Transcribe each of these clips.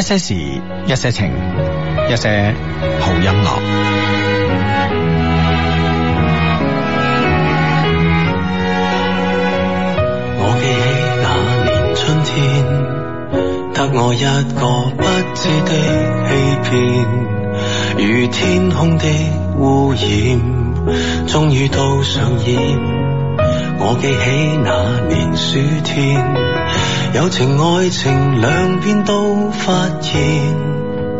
一些事，一些情，一些好音樂。我記起那年春天，得我一個不知的欺騙，如天空的污染，終於都上演。我記起那年暑天。友情愛情兩邊都發現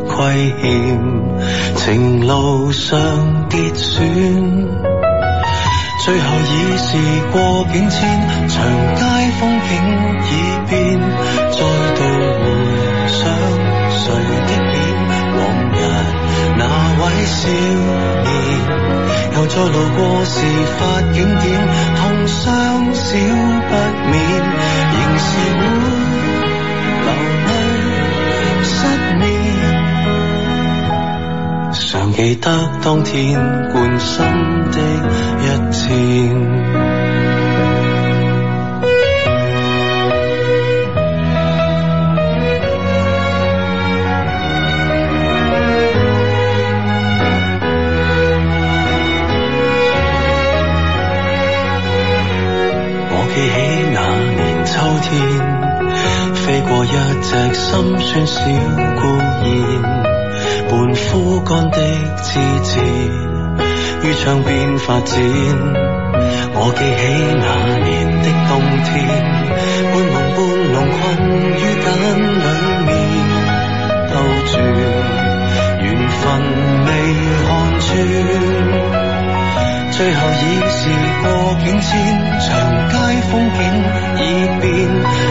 虧欠，情路上跌損，最後已是過境遷，長街風景已變，再度回想誰的臉，往日那位少年。再路過事發景點，痛傷少不免，仍是會流淚失眠。常 記得當天貫心的一箭。記起那年秋天，飛過一隻心酸小孤燕，半枯乾的枝枝於窗邊發展。我記起那年的冬天，半夢半朧困於繭裏面兜轉，緣分未看穿。最後已是過境遷，長街風景已變，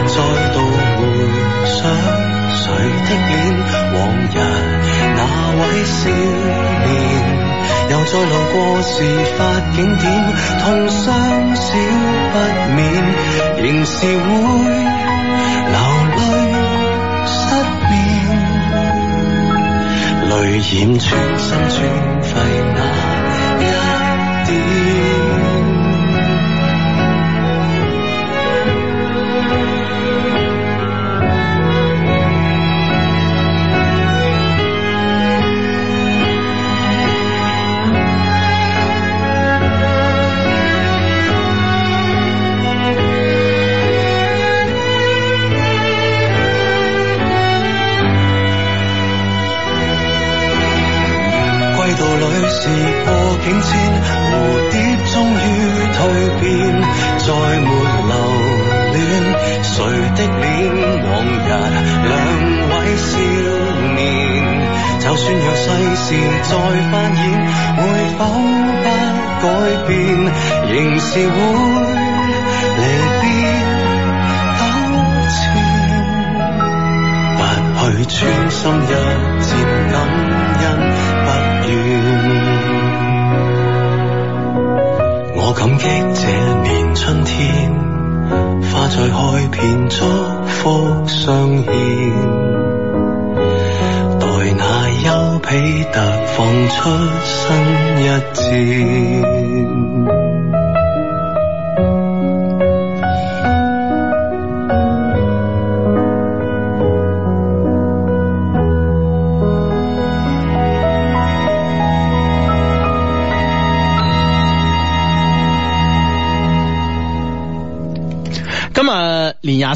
再度回想誰的臉，往日那位少年，又再路過時發景點，痛傷少不免，仍是會流淚失眠，淚染全身穿心穿肺眼。自會離別糾纏，拔去穿心一箭，感恩不怨。我感激這年春天，花再開遍祝福相牽，待那丘比特放出新一箭。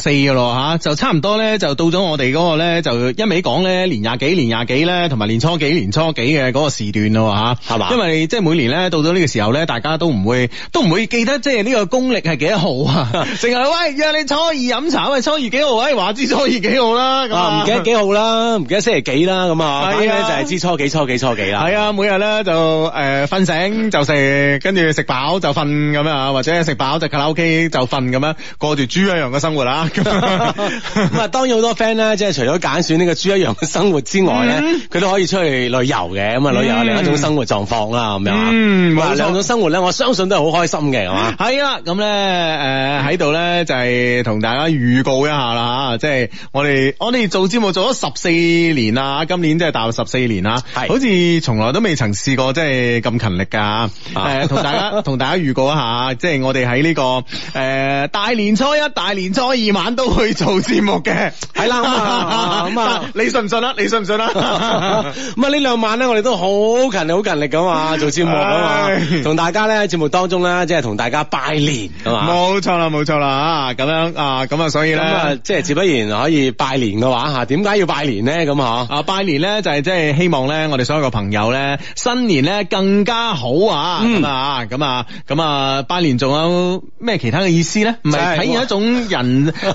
四嘅咯吓，就差唔多咧，就到咗我哋嗰個咧，就一味講咧，年廿幾年廿幾咧，同埋年初幾年初幾嘅嗰個時段咯吓，係、啊、嘛？吧因為即係每年咧到咗呢個時候咧，大家都唔會都唔會記得即係呢個公曆係幾號啊？成日 喂，約你初二飲茶，喂，初二幾號？喂，話知初二幾號啦？啊，唔、啊、記得幾號啦，唔 記得星期幾啦，咁啊，啊就係、是、知初幾初幾初幾啦。係啊，每日咧就誒瞓醒就食，跟住食飽就瞓咁樣啊，或者食飽就卡拉 ok 就瞓咁樣，過住豬一樣嘅生活啊！咁啊， 當然好多 friend 咧，即係除咗揀選呢個豬一樣嘅生活之外咧，佢都、mm hmm. 可以出去旅遊嘅。咁啊，旅遊係另一種生活狀況啦。咁樣、mm，hmm. 吧嗯，兩種生活咧，我相信都係好開心嘅，係嘛？ 係啦，咁、呃、咧，誒喺度咧就係同大家預告一下啦嚇，即係我哋我哋做節目做咗十四年啦，今年即係踏入十四年啦，係好似從來都未曾試過即係咁勤力㗎，誒同大家同大家預告一下，即、就、係、是、我哋喺呢個誒、呃、大年初一、大年初二晚。晚都去做節目嘅，係啦，咁啊，你信唔信啊？你信唔信啊？咁啊，呢兩晚咧，我哋都好勤力、好勤力咁嘛，做節目啊嘛，同、哎、大家咧喺節目當中咧，即係同大家拜年咁啊，冇錯啦，冇錯啦啊，咁樣啊，咁啊，所以咧、嗯，即係自不然可以拜年嘅話吓，點解要拜年咧？咁嗬啊，拜年咧就係即係希望咧，我哋所有嘅朋友咧，新年咧更加好啊，咁啊，咁啊，咁啊，拜年仲有咩其他嘅意思咧？唔係體現一種人。 誒誒，呢、uh,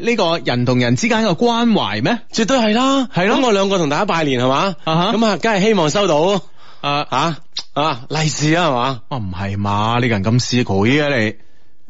uh, 個人同人之間嘅關懷咩？絕對係啦，係咯，我兩個同大家拜年係嘛，咁啊，梗係、uh huh. 希望收到、uh huh. 啊吓啊利是啊係嘛，哦，唔係嘛，呢個人咁斯佢啊你？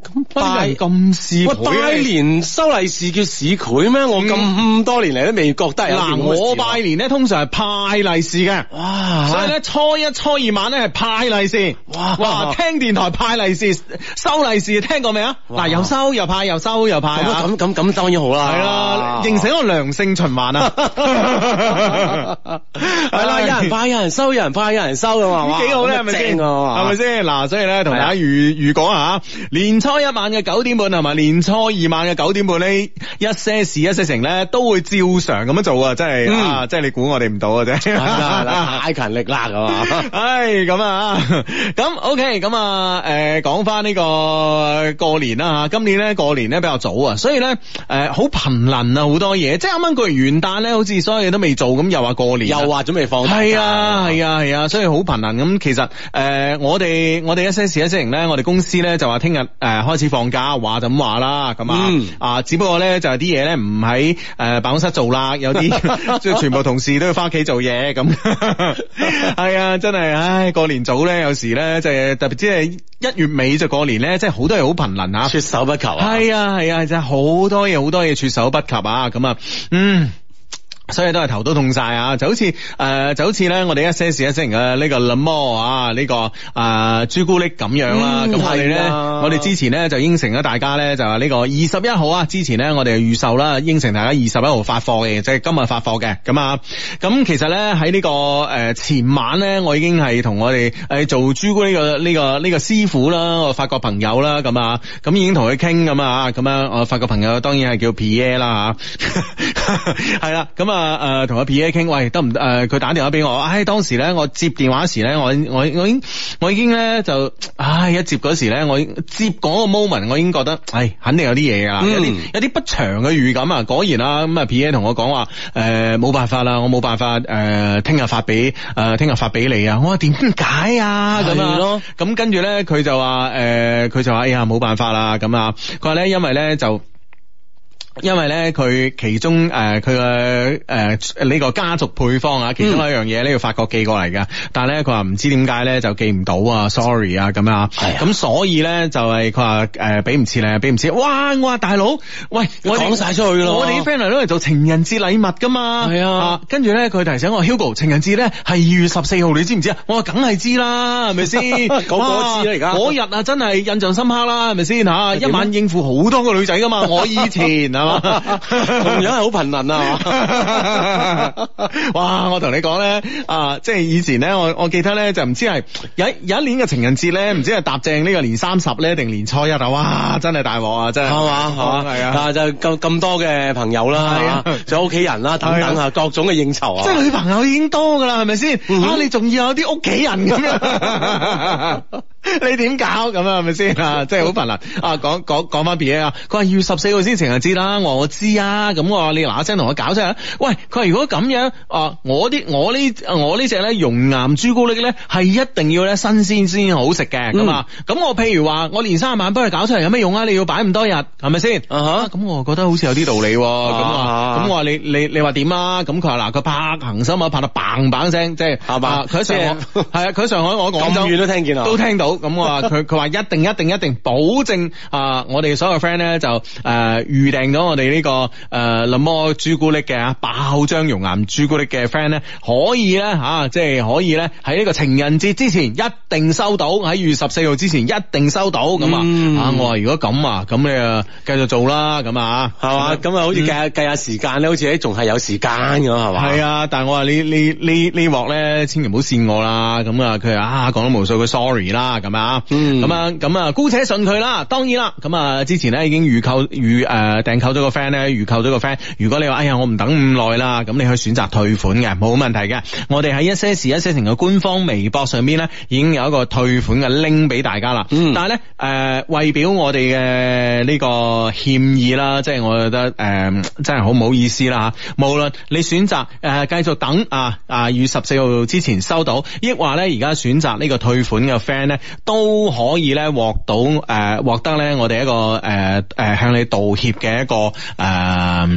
咁拜咁市，我拜年收利是叫市儈咩？我咁咁多年嚟都未覺得嗱，我拜年咧通常係派利是嘅，哇！所以咧初一、初二晚咧係派利是，哇哇聽電台派利是，收利是聽過未啊？嗱，又收又派，又收又派，咁咁咁當然好啦，係啦，形成一個良性循環啊，係啦，有人派，有人收，有人派，有人收嘅嘛，幾好咧，係咪先？係咪先？嗱，所以咧同大家預預講下，年初。初一晚嘅九點半係咪？年初二晚嘅九點半呢，一些事一些情咧，都會照常咁樣做啊！真係啊，即係你估我哋唔到嘅啫，太勤力啦咁啊！唉，咁啊，咁 OK，咁啊，誒，講翻呢個過年啦吓，今年咧過年咧比較早啊，所以咧誒好頻臨啊，好多嘢，即係啱啱過完元旦咧，好似所有嘢都未做咁，又話過年，又話準備放，係啊係啊係啊，所以好頻臨咁。其實誒，我哋我哋一些事一些情咧，我哋公司咧就話聽日誒。開始放假，話就咁話啦，咁啊，嗯、啊，只不過咧就係啲嘢，咧唔喺誒辦公室做啦，有啲即係全部同事都要翻屋企做嘢咁，係 啊，真係，唉，過年早咧，有時咧就係、特別即係一月尾就過年咧，即係好多嘢好頻輪吓，措手不及啊，係啊係啊係，真係好多嘢好多嘢措手不及啊，咁啊，嗯。所以都係頭都痛晒啊！就好似誒、呃，就好似咧，我哋一些事一些情嘅呢個 Limo 啊、這個，呢個誒朱古力咁樣啦。咁我哋咧，我哋之前咧就應承咗大家咧，就話呢個二十一號啊，之前咧我哋預售啦，應承大家二十一號發貨嘅，即係今日發貨嘅。咁、就是、啊，咁其實咧喺呢、這個誒、呃、前晚咧，我已經係同我哋誒做朱古力嘅、這、呢個呢、這個這個師傅啦，我法國朋友啦，咁啊，咁已經同佢傾咁啊，咁啊我法國朋友當然係叫 Pierre 啦，吓，係啦，咁啊。 啊誒，同阿 P A 傾，喂得唔得誒？佢、呃、打電話俾我，唉、哎、當時咧我接電話時咧，我我我已我已經咧就，唉一接嗰時咧，我接嗰個 moment，我已經覺得，唉肯定有啲嘢啊，啦、嗯，有啲有啲不祥嘅預感啊。果然啊，咁啊 P A 同我講話，誒、呃、冇辦法啦，我冇辦法誒，聽、呃、日發俾誒，聽、呃、日發俾你啊。我話點解啊？咁樣咯，咁、啊、跟住咧佢就話，誒、呃、佢就話，哎呀冇辦法啦，咁啊，佢話咧因為咧就。因為咧佢其中誒佢嘅誒呢個家族配方啊，其中一樣嘢呢，要法國寄過嚟噶，但係咧佢話唔知點解咧就寄唔到啊，Sorry 啊咁啊，咁、哎呀嗯、所以咧就係佢話誒俾唔切咧，俾唔切，哇我話大佬，喂，我講們晒出去咯， 我哋啲 friend 嚟都嚟做情人節禮物噶嘛，係啊，跟住咧佢提醒我，Hugo 情人節咧係二月十四號，你知唔知，知是是 啊？我話梗係知啦，係咪先？我知而家嗰日啊真係印象深刻啦，係咪先吓？ 一晚應付好多個女仔噶嘛，我以前啊。 同樣係好貧民啊！ 哇，我同你講咧，啊，即係以前咧，我我記得咧，就唔知係有有一年嘅情人節咧，唔知係搭正呢個年三十咧，定年初一哇 啊！真係大鑊啊！真係，係嘛，係嘛，係啊！啊就咁咁多嘅朋友啦，啊，仲有屋企人啦，等等啊，各種嘅應酬啊！即係女朋友已經多㗎喇，係咪先？ 啊，你仲要有啲屋企人咁樣。 你點搞咁啊？係咪先啊？即係好煩啊！講講講翻畀你啊！佢話要十四號先，情人知啦。我知啊，咁我話你嗱一聲同我搞出嚟啊！喂，佢話如果咁樣啊，我啲我呢我呢隻咧熔岩朱古力咧係一定要咧新鮮先好食嘅咁啊！咁、嗯、我譬如話我連三十晚幫佢搞出嚟有咩用啊？你要擺咁多日係咪先啊？咁我覺得好似有啲道理咁啊！咁我話你你你話點啊？咁佢話嗱，佢拍恒心啊，啊啊拍到砰砰聲，即係係佢喺上海我廣州咁遠都聽見啊，都聽到。咁我話佢佢話一定一定一定保證啊！我哋所有 friend 咧就誒預訂咗我哋呢個誒林摩朱古力嘅啊爆漿熔岩朱古力嘅 friend 咧可以咧吓，即係可以咧喺呢個情人節之前一定收到，喺二月十四號之前一定收到咁啊！我話如果咁啊，咁你啊繼續做啦，咁啊吓係嘛？咁啊好似計下計下時間咧，好似仲係有時間嘅係嘛？係啊，但係我話你你呢呢鑊咧，千祈唔好跣我啦！咁啊，佢啊講咗無數句 sorry 啦。係咪啊？咁啊咁啊，姑且信佢啦。當然啦，咁、嗯、啊，之前咧已經預購預誒訂購咗個 friend 咧，預購咗個 friend。如果你話哎呀，我唔等咁耐啦，咁你可以選擇退款嘅，冇問題嘅。我哋喺一些事一些情嘅官方微博上邊咧，已經有一個退款嘅拎 i 俾大家啦。嗯、但係咧誒，為表我哋嘅呢個歉意啦，即、就、係、是、我覺得誒、呃，真係好唔好意思啦吓。無論你選擇誒繼續等啊啊，二十四號之前收到，抑或咧而家選擇呢個退款嘅 friend 咧。都可以咧獲到誒，獲、呃、得咧，我哋一個誒誒、呃，向你道歉嘅一個誒、呃，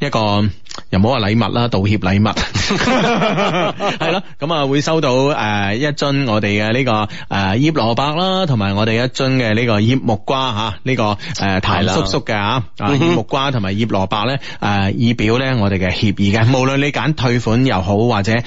一個。又唔好話禮物啦，道歉禮物係咯，咁啊 會收到誒一樽我哋嘅呢個誒醃蘿蔔啦，同埋我哋一樽嘅呢個醃木瓜吓，呢、這個誒譚、呃、叔叔嘅吓，啊醃木瓜同埋醃蘿蔔咧誒以表咧我哋嘅歉意嘅， 無論你揀退款又好，或者誒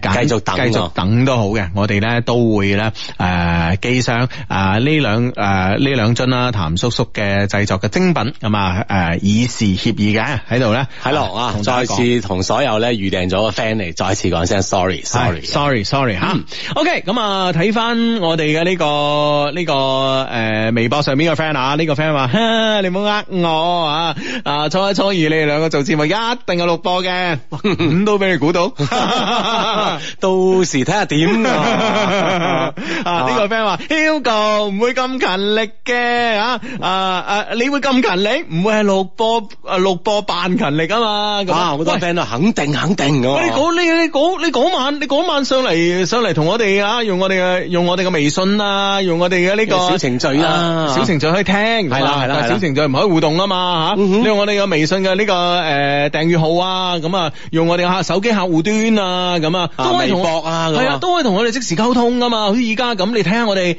揀繼續繼續等都好嘅，我哋咧都會咧誒寄上誒呢兩誒呢兩樽啦譚叔叔嘅製作嘅精品，咁啊誒以示歉意嘅喺度咧喺度啊。 再次同所有咧預訂咗個 friend 嚟，再次講聲 sorry，sorry，sorry，sorry 嚇。OK，咁啊睇翻我哋嘅呢個呢個誒微博上邊嘅 friend 啊，呢個 friend 話：你唔好呃我啊，啊初一初二你哋兩個做節目一定有錄播嘅，五都俾你估到，到時睇下點啊？呢個 friend 話：Hugo 唔會咁勤力嘅啊，啊啊你會咁勤力？唔會係錄播啊錄播扮勤力啊嘛。啊！好多 friend 啊，肯定肯定噶。你嗰你你晚你嗰晚上嚟上嚟同我哋啊，用我哋嘅用我哋嘅微信啊，用我哋嘅呢個小程序啊，啊，小程序可以聽。係啦係啦，小程序唔可以互動嘛啊嘛、嗯、哼你用我哋嘅微信嘅呢、呢個誒、呃、訂閱號啊，咁啊用我哋客手機客戶端啊，咁啊都可以同係啊都可以同我哋即時溝通㗎嘛。好似而家咁，你睇下我哋。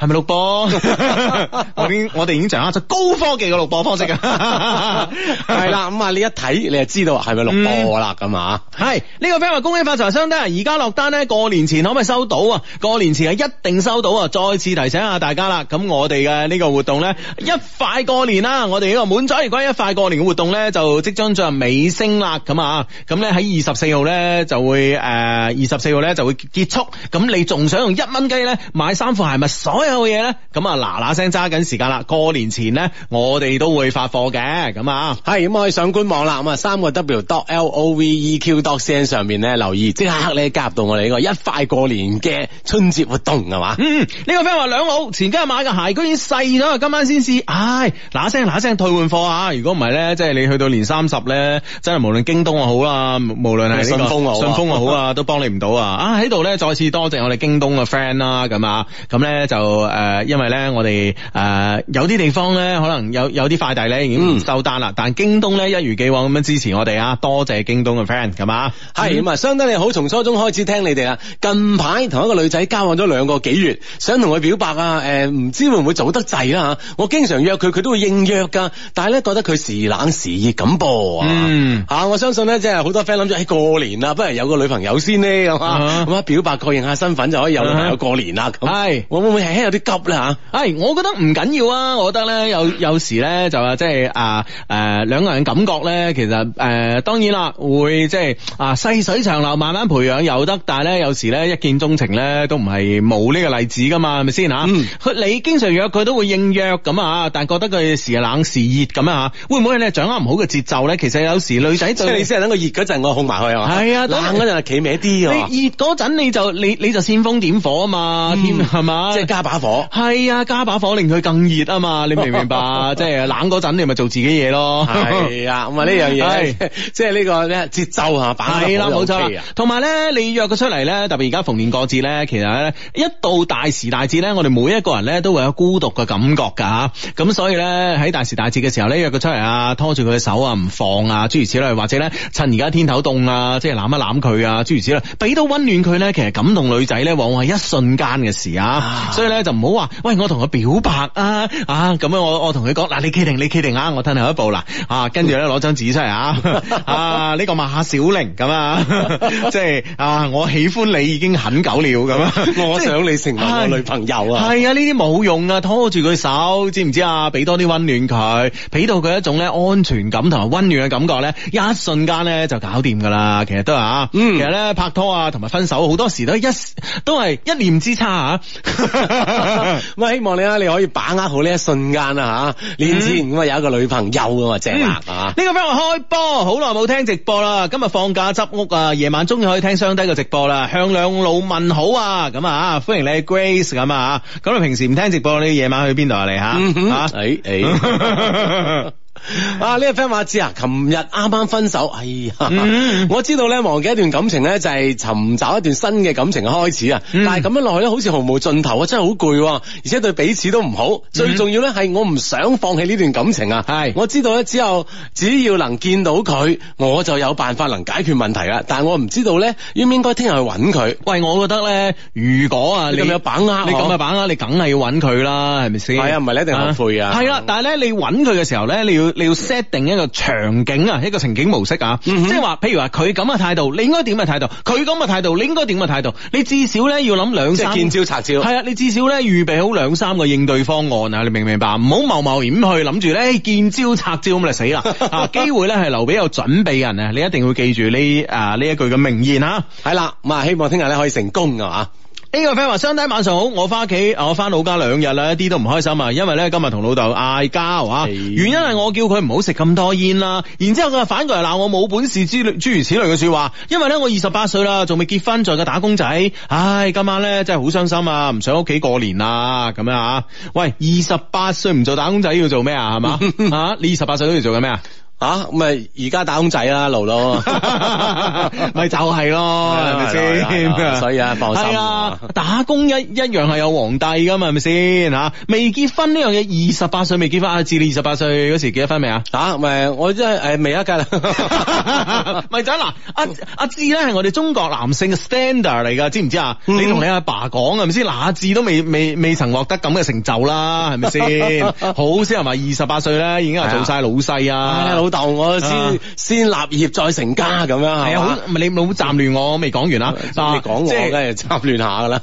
係咪錄播？我啲我哋已經掌握咗高科技嘅錄播方式啊！係 啦樂，咁啊、 嗯，你一睇你就知道係咪錄播啦咁啊！係呢、這個 friend 話恭喜發財雙得，而家落單呢，過年前可唔可以收到啊？過年前係一定收到啊！再次提醒下大家啦，咁我哋嘅呢個活動呢，一快過年啦，我哋呢個滿載而歸一快過年嘅活動呢，就即將進入尾聲啦，咁啊，咁呢喺二十四號呢，就會誒，二十四號呢就會結束，咁你仲想用一蚊雞呢，買衫褲鞋襪？所有冇嘢咧？咁啊，嗱嗱聲揸緊時間啦！過年前咧，我哋都會發貨嘅。咁啊，係咁我以上官網啦。咁啊，三個 W dot L O V E Q dot C N 上面咧，留意即刻咧加到我哋呢個一塊過年嘅春節活動係嘛？嗯，呢、這個 friend 話兩老前幾日買嘅鞋，居然細咗，今晚先試。唉，嗱嗱聲嗱嗱聲退換貨啊！如果唔係咧，即、就、係、是、你去到年三十咧，真係無論京東又好啦，無論係順豐順豐又好，好 幫啊，都幫你唔到啊！喺度咧，再次多謝我哋京東嘅 friend 啦。咁啊，咁咧就。誒、呃，因為咧，我哋誒有啲地方咧，可能有有啲快遞咧已經唔收單啦。嗯、但京東咧，一如既往咁樣支持我哋啊！多謝京東嘅 friend，係嘛？係咁啊，相當你好，從初中開始聽你哋啊，近排同一個女仔交往咗兩個幾月，想同佢表白啊。誒，唔知會唔會做得滯啊？我經常約佢，佢都會應約噶。但係咧，覺得佢時冷時熱咁噃。啊。吓、嗯啊，我相信呢，即係好多 friend 諗住，過年啦，不如有個女朋友先呢。係咁啊，嗯嗯、表白確認下身份就可以有女朋友過年啦。咁係、嗯嗯，會唔會有啲急啦吓，係、哎、我覺得唔緊要啊，我覺得咧有有時咧就話即係啊誒兩個人感覺咧，其實誒、呃、當然啦會即係、就是、啊細水長流慢慢培養又得，但係咧有時咧一見鍾情咧都唔係冇呢個例子噶嘛，係咪先吓？佢、嗯、你經常約佢都會應約咁啊，但係覺得佢時冷時熱咁啊，會唔會你掌握唔好嘅節奏咧？其實有時女仔即係你先係等佢熱嗰陣，我控埋佢係嘛？係啊，冷嗰陣企歪啲，熱嗰陣你就你你就煽風點火啊嘛，添係嘛？嗯嗯、即係加火係啊，加把火令佢更熱啊嘛，你明唔明白？ 即係冷嗰陣你咪做自己嘢咯。係 啊，咁啊呢樣嘢，是 即係呢個節奏啊，擺係啦，冇錯。同埋咧，你約佢出嚟咧，特別而家逢年過節咧，其實咧一到大時大節咧，我哋每一個人咧都會有孤獨嘅感覺噶吓。咁所以咧喺大時大節嘅時候咧，約佢出嚟啊，拖住佢嘅手啊，唔放啊，諸如此類，或者咧趁而家天頭凍啊，即係攬一攬佢啊，諸如此類，俾到溫暖佢咧，其實感動女仔咧，往往係一瞬間嘅事啊。所以咧。就唔好話，喂，我同佢表白啊！啊，咁樣我我同佢講，嗱，你決定，你決定啊！我褪後一步啦，啊，跟住咧攞張紙出嚟啊，呢、 啊這個馬下小玲咁啊， 即係啊，我喜歡你已經很久了，咁啊，是我想你成為我女朋友是是是啊，係啊，呢啲冇用啊。拖住佢手，知唔知啊？俾多啲温暖佢，俾到佢一種咧安全感同埋温暖嘅感覺咧，一瞬間咧就搞掂噶啦，其實都係啊，嗯、其實咧拍拖啊同埋分手好多時都一都係一,一念之差啊。咁啊， 希望你啊，你可以把握好呢一瞬間啊，吓、嗯，練前咁啊，有一個女朋友咁啊，嗯、正啊，呢、嗯、個邊我開波，好耐冇聽直播啦，今日放假執屋啊，夜晚終於可以聽雙低嘅直播啦，向兩路問好啊，咁啊，歡迎你 Grace 咁啊，咁你平時唔聽直播，你夜晚去邊度啊你吓？吓，誒誒。啊！呢、這個 friend 話知啊，琴日啱啱分手，哎呀！Mm. 我知道咧，忘記一段感情咧，就係、是、尋找一段新嘅感情嘅開始啊。Mm. 但係咁樣落去咧，好似毫無盡頭啊，真係好攰，而且對彼此都唔好。Mm. 最重要咧，係我唔想放棄呢段感情啊。係、mm. 我知道咧，只有只要能見到佢，我就有辦法能解決問題啦。但係我唔知道咧，要應唔應該聽日去搵佢？喂，我覺得咧，如果是是啊，你咁有把握，你咁啊把握，你梗係要搵佢啦，係咪先？係啊，唔係你一定後悔啊。係啦、uh，，但係咧，你搵佢嘅時候咧，你要。你要 set 定一個場景啊，一個情景模式啊，嗯、哼即係話，譬如話佢咁嘅態度，你應該點嘅態度；佢咁嘅態度，你應該點嘅態度。你至少咧要諗兩三個，即係見招拆招。係啊，你至少咧預備好兩三個應對方案啊，你明唔明白？唔好貿貿然去諗住咧見招拆招咁就死啦。機、 啊、會咧係留俾有準備人啊！你一定要記住呢誒呢一句嘅名言啊。係啦，咁啊，希望聽日咧可以成功嘅嘛。呢個 friend 話，兄弟晚上好，我翻屋企，我翻老家兩日啦，一啲都唔開心，因為咧今日同老豆嗌交，哇！原因係我叫佢唔好食咁多煙啦、啊，然之後佢又反過嚟鬧我冇本事之類諸如此類嘅說話，因為咧我二十八歲啦，仲未結婚，做個打工仔，唉，今晚咧真係好傷心啊，唔想屋企過年啦，咁樣吓、啊。喂，二十八歲唔做打工仔要做咩啊？係嘛？ 吓，二十八歲都要做緊咩啊？啊，咪而家打工仔啦，勞勞咪就係咯，係咪先？所以啊，放心啊，打工一一樣係有皇帝噶嘛，係咪先吓？未結婚呢樣嘢，二十八歲未結婚阿志，你二十八歲嗰時結咗婚未啊？打，咪我真係誒未啊，㗎啦。咪就嗱阿阿志咧，係我哋中國男性嘅 standard 嚟噶，知唔知啊？你同你阿爸講啊，係咪先？嗱，阿志都未未未曾獲得咁嘅成就啦，係咪先？好先係咪二十八歲咧，已經係做晒老細啊？老豆我先先立業再成家咁樣係啊，唔係樣嗎你老好站亂我，我未講完，完啊，未講、就是、我，梗係插亂下噶啦。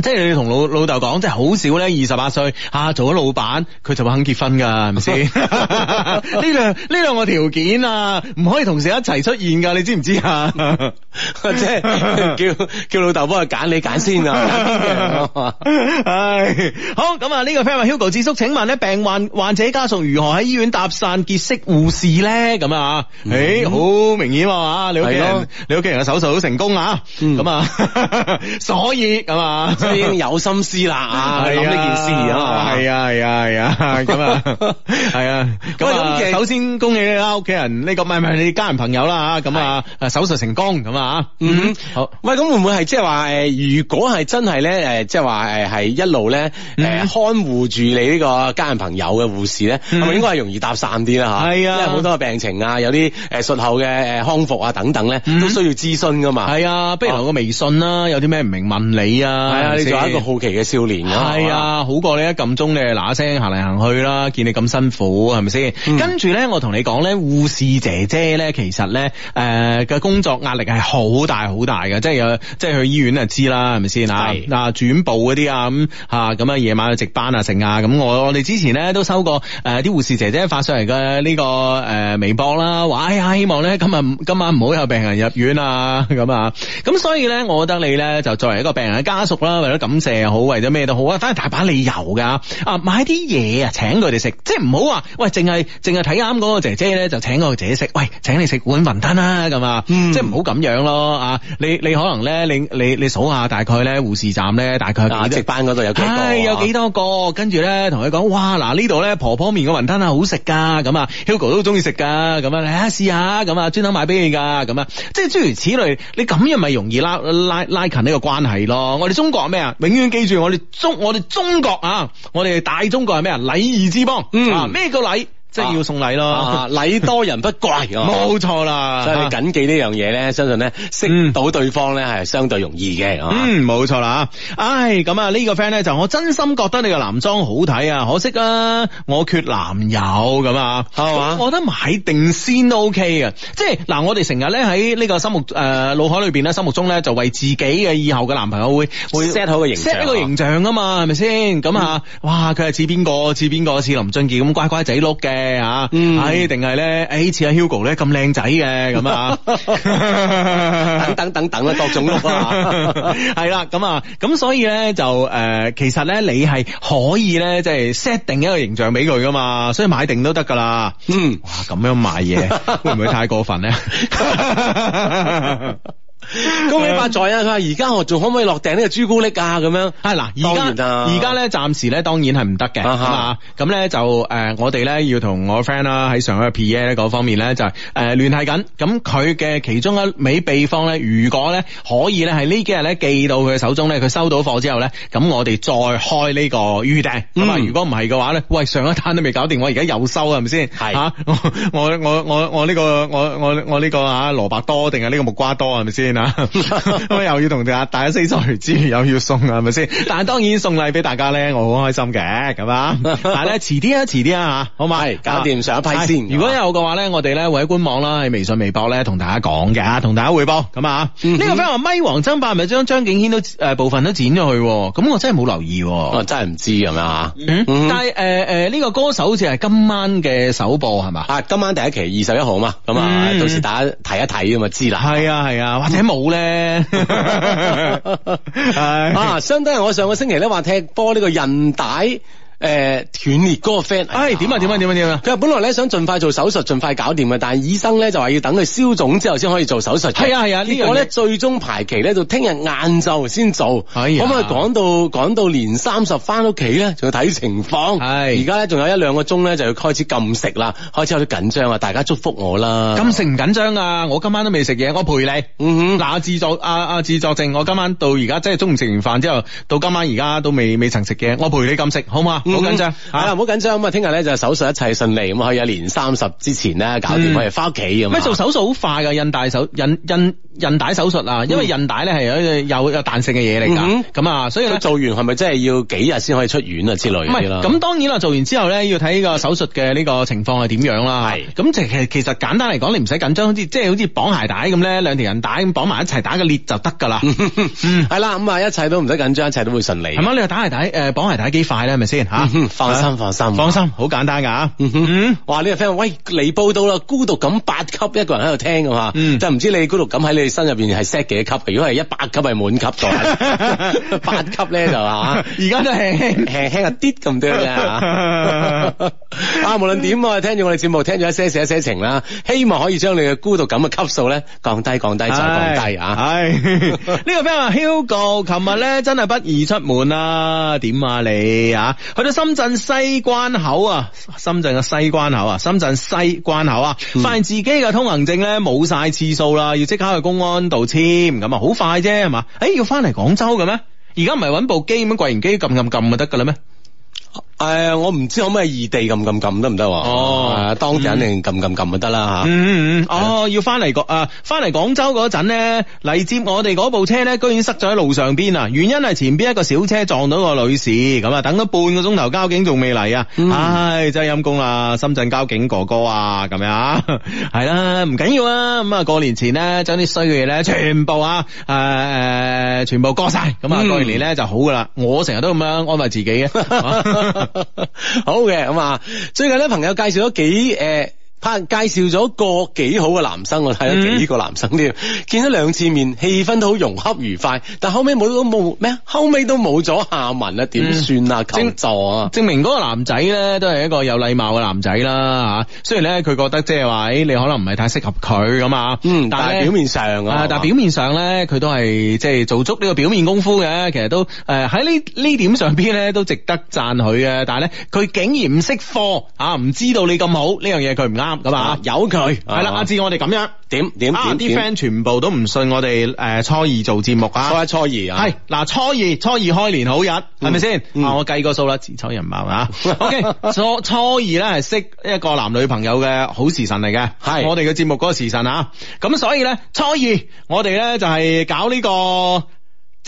即係你同老老豆講，即係好少咧，二十八歲吓做咗老闆，佢就會肯結婚噶，係咪先？呢 兩呢兩個條件啊，唔可以同時一齊出現噶，你知唔知啊？即係 叫叫老豆幫佢揀，你揀先啊！唉，好咁啊，呢、這個 friend Hugo 智叔，請問咧病患患者家屬如何喺醫院搭訕結識護士咧？咁啊，誒、嗯，好、欸、明顯啊，你屋企你屋企人嘅手術好成功啊，咁啊， 所以咁啊。已經有心思啦啊！諗呢件事啊，係啊係啊係啊咁啊，係啊咁咁。首先恭喜你啦，屋企人呢個唔係唔係你家人朋友啦嚇，咁啊手術成功咁啊，嗯哼，好。喂，咁會唔會係即係話誒？如果係真係咧誒，即係話誒係一路咧誒看護住你呢個家人朋友嘅護士咧，係咪應該係容易搭訕啲啦嚇？係啊，因為好多嘅病情啊，有啲誒術後嘅誒康復啊等等咧，都需要諮詢噶嘛。係啊，不如留個微信啦，有啲咩唔明問你啊。做一個好奇嘅少年咯，係啊的，吧好過你一撳鐘你嗱聲行嚟，行去啦。見你咁辛苦係咪先？跟住咧，嗯、我同你講咧，護士姐姐咧，其實咧誒嘅工作壓力係好大好大嘅，即係有即係去醫院就知啦係咪先啊？嗱，轉部嗰啲啊，咁吓咁啊，夜晚去值班等等啊，成啊，咁我我哋之前咧都收過誒啲護士姐姐發上嚟嘅呢個誒微博啦，話哎呀，希望咧今日今晚唔好有病人入院啊，咁啊。咁，所以咧，我覺得你咧就作為一個病人嘅家屬啦。為咗感謝好，為咗咩都好，反正大把理由噶。啊，買啲嘢啊，請佢哋食，即係唔好話喂，淨係淨係睇啱嗰個姐姐咧，就請個姐姐食。喂，請你食碗雲吞啦，咁啊，嗯、即係唔好咁樣咯。啊，你你可能咧，你你你數下大概咧，護士站咧，大概值班度有幾,、啊有幾，有幾多個。呢跟住咧，同佢講，哇，嗱呢度咧，婆婆麵個雲吞啊，好食噶，咁啊，Hugo 都中意食噶，咁啊嚟啊試下，咁啊，專登買俾你噶，咁啊，即係諸如此類。你咁樣咪容易拉拉拉,拉近呢個關係咯。我哋中國。咩啊？永遠記住我哋中，我哋中國啊，我哋大中國係咩啊？禮儀之邦，嗯。啊，咩叫禮？即係要送禮咯，禮、啊啊、多人不怪，冇錯 好啦。啊、所以你謹記呢樣嘢咧，相信咧識到對方咧係相對容易嘅、嗯。嗯，冇錯啦。唉、哎、咁啊、這個、呢個 friend 咧就我真心覺得你個男裝好睇啊，可惜啊我缺男友咁啊，吧啊，我覺得買定先 OK 啊。即係嗱，我哋成日咧喺呢個心目誒腦、呃、海裏邊咧，心目中咧就為自己嘅以後嘅男朋友會會 set 好個形 set、啊、一個形象啊嘛，係咪先？咁啊，哇，佢係似邊個？似邊個？似林俊傑咁乖乖仔碌嘅？吓、嗯，哎，定係咧，哎，似阿 Hugo 咧咁靚仔嘅咁啊，等等等等啦，各種咯，係 啦， 咁啊，咁所以咧就誒，其實咧你係可以咧即係 set 定一個形象俾佢噶嘛，所以買定都得噶啦， 嗯，哇，咁樣買嘢會唔會太過分咧？ 恭喜發財啊！佢話而家我仲可唔可以落訂呢個朱古力啊？咁樣啊嗱，而家而家咧暫時咧當然係唔得嘅，咁咧、啊哈啊、就誒、呃、我哋咧要同我 friend 啦喺上一個 pa 嗰方面咧就誒聯繫緊。咁佢嘅其中一味秘方咧，如果咧可以咧係呢幾日咧寄到佢手中咧，佢收到貨之後咧，咁我哋再開呢個預訂。咁、嗯、啊，如果唔係嘅話咧，喂上一單都未搞掂，我而家又收係咪先？係啊是， 我我我我呢、這個我、這個、我、這個、我呢、這個啊蘿蔔多定係呢個木瓜多係咪先？是咁又要同阿大家 say sorry，之餘又要送啊，係咪先？但係當然送禮俾大家咧，我好開心嘅咁啊！但係咧遲啲啊，遲啲啊嚇，好嘛？係，搞掂上一批先。如果有嘅話咧，我哋咧會喺官網啦、喺微信、微博咧同大家講嘅，同大家匯報咁啊！呢個 friend，話《咪王爭霸》咪將張敬軒都誒部分都剪咗去，咁我真係冇留意，我真係唔知係咪啊？但係誒誒呢個歌手好似係今晚嘅首播係嘛？啊，今晚第一期二十一號嘛，咁啊到時大家睇一睇咁就知啦。係啊係啊，或者。冇咧，係 啊，相當於我上個星期咧話踢波呢個韌帶。誒，斷裂嗰個 friend 唉，點啊點啊點啊點啊！佢話、啊啊、本來咧想盡快做手術，盡快搞掂嘅，但係醫生咧就話要等佢消腫之後先可以做手術。係啊係啊，啊呢個咧最終排期咧就聽日晏晝先做。可唔可以講到講到年三十翻屋企咧，就要睇情況。係、哎呀，而家咧仲有一兩個鐘咧就要開始禁食啦，開始有啲緊張啊！大家祝福我啦。禁食唔緊張啊，我今晚都未食嘢，我陪你。嗯哼，嗱、啊啊，自作啊阿自作證，我今晚到而家即係中午食完飯之後，到今晚而家都未未，未曾食嘢，我陪你禁食，好嘛？好緊張，係啦、嗯，唔好緊張。咁啊，聽日咧就手術，一切順利，咁可以喺年三十之前咧搞掂，嗯、可以翻屋企咁啊。做手術好快噶，印大手印韌韌帶手術啊，因為韌帶咧係有有彈性嘅嘢嚟噶，咁啊、嗯，所以咧做完係咪真係要幾日先可以出院啊之類嗰咁、啊、當然啦，做完之後咧要睇呢個手術嘅呢個情況係點樣啦。咁其是其實簡單嚟講，你唔使緊張，好似即係好似綁鞋帶咁咧，兩條韌帶咁綁埋一齊打個裂，就得噶啦。係啦、嗯，咁啊、嗯，一切都唔使緊張，一切都會順利。係嘛，你話打鞋帶誒，綁、呃、鞋帶幾快咧？係咪先？放心、嗯，放心，啊、放，心放心，好簡單噶、啊。嗯哼，呢、呢個 friend，喂，你報到啦，孤獨感八級，一個人喺度聽噶嘛？嗯，就唔知你孤獨感喺你身入邊係 set 幾多級？如果係一百級係滿級， 八級咧就吓、啊，而家都輕輕輕輕啲咁多啫。 點點 啊，無論點，聽住我哋節目，聽咗一些事，一些情啦，希望可以將你嘅孤獨感嘅級數咧降低，降低，降低的再降低啊。係、哎、 呢個 friend 話，Hugo，琴日咧真係不宜出門啊。點啊你啊？啊深圳西關口啊，深圳嘅西關口啊，深圳西關口啊，口啊嗯、發現自己嘅通行證咧冇晒次數啦，要即刻去公安度簽，咁啊好快啫，係嘛？誒、欸，要翻嚟廣州嘅咩？而家唔係揾部機咁樣，櫃員機撳撳撳就得噶啦咩？係、哎、我唔知可唔可以異地撳撳撳得唔得？哦，啊嗯、當然肯定撳撳撳就得啦吓。嗯嗯的哦，要翻嚟廣啊，翻嚟廣州嗰陣呢，嚟接我哋嗰部車咧，居然塞咗喺路上邊啊！原因係前邊一個小車撞到個女士，咁啊等咗半個鐘頭，交警仲未嚟啊！唉，真係陰公啦，深圳交警哥哥啊，咁樣啊，係啦，唔 緊要啊，咁啊過年前呢，將啲衰嘅嘢咧全部啊誒、呃、全部過晒，咁啊過年咧就好噶啦。嗯、我成日都咁樣安慰自己嘅。嗯 好嘅，咁啊，最近咧朋友介紹咗幾誒。呃拍人介紹咗個幾好嘅男生，我睇咗幾個男生添，嗯、見咗兩次面，氣氛都好融洽愉快，但後尾冇冇咩啊，後尾都冇咗下文啦，點算啊？求助啊！扛坐證明嗰個男仔咧都係一個有禮貌嘅男仔啦嚇，雖然咧佢覺得即係話你可能唔係太適合佢咁啊，嗯、但係呢表面上啊，但係表面上咧佢都係即係做足呢個表面功夫嘅，其實都誒喺呢呢點上邊咧都值得讚許啊。但係咧佢竟然唔識貨啊，唔知道你咁好呢樣嘢佢唔啱。咁啊，有佢係啦，阿志、啊，我哋咁樣點點點啲 friend 全部都唔信我哋誒，初二做節目啊，初一初二係、啊、嗱，初二初二開年好日，係咪先？吧嗯、我計個數啦，自抽人馬吓，OK，初初二咧係、嗯啊、識一個男女朋友嘅好時辰嚟嘅，係 我哋嘅節目嗰個時辰啊，咁所以咧初二我哋咧就係搞呢、這個。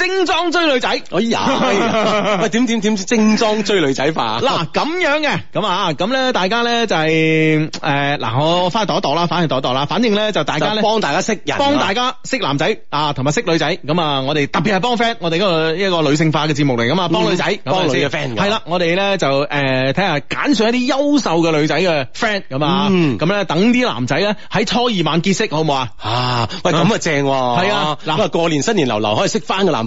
精裝追女仔，哎，哎呀，喂，點點點精裝追女仔化，嗱，咁樣嘅，咁啊，咁咧，大家咧就係、是、誒、嗱、呃，我翻去度一度啦，反去度一度啦，反正咧就大家咧幫大家識人，啊，幫大家識男仔啊，同埋識女仔，咁啊，我哋特別係幫 friend，我哋嗰、那個一、這個女性化嘅節目嚟噶嘛，幫、啊、女仔，幫自己嘅 friend，係啦，我哋咧就誒睇下揀上一啲優秀嘅女仔嘅 friend 咁啊，咁咧、嗯啊、等啲男仔咧喺初二晚結識好唔好啊？啊，喂，咁啊正，係啊，嗱，過年新年流流可以識翻個男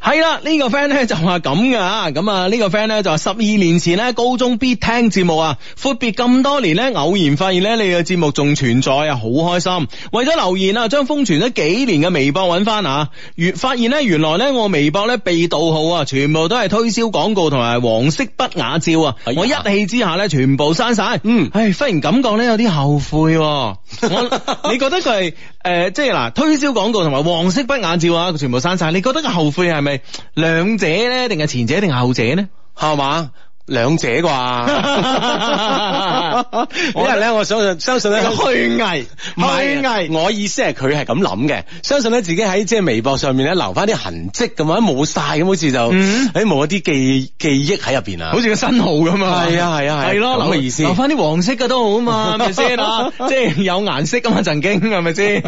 係啦，呢、這個 friend 咧就話咁噶啊，咁啊呢個 friend 咧就話十二年前咧高中必聽節目啊，闊別咁多年咧，偶然發現咧你嘅節目仲存在啊，好開心。為咗留言啊，將封存咗幾年嘅微博揾翻啊，原發現咧原來咧我微博咧被盜號啊，全部都係推銷廣告同埋黃色不雅照啊，哎、呀我一氣之下咧全部刪晒。嗯，唉，忽然感覺咧有啲後悔。 我你覺得佢係誒，即係嗱，推銷廣告同埋黃色不雅照啊，全部刪晒，你覺得佢後悔係咪？係兩者咧，定係前者定係後者咧，係嘛？兩者啩，啲人咧，我想相信呢信咧虛偽，虛偽。我意思係佢係咁諗嘅，相信咧自己喺即係微博上面咧留翻啲痕跡咁啊，冇晒咁，好似就喺冇一啲記記憶喺入邊啊，好似個新號咁啊。係啊，係啊，係。係咯，咁嘅意思。留翻啲黃色嘅都好啊嘛，係咪先啊？即係有顏色啊嘛，曾經係咪先？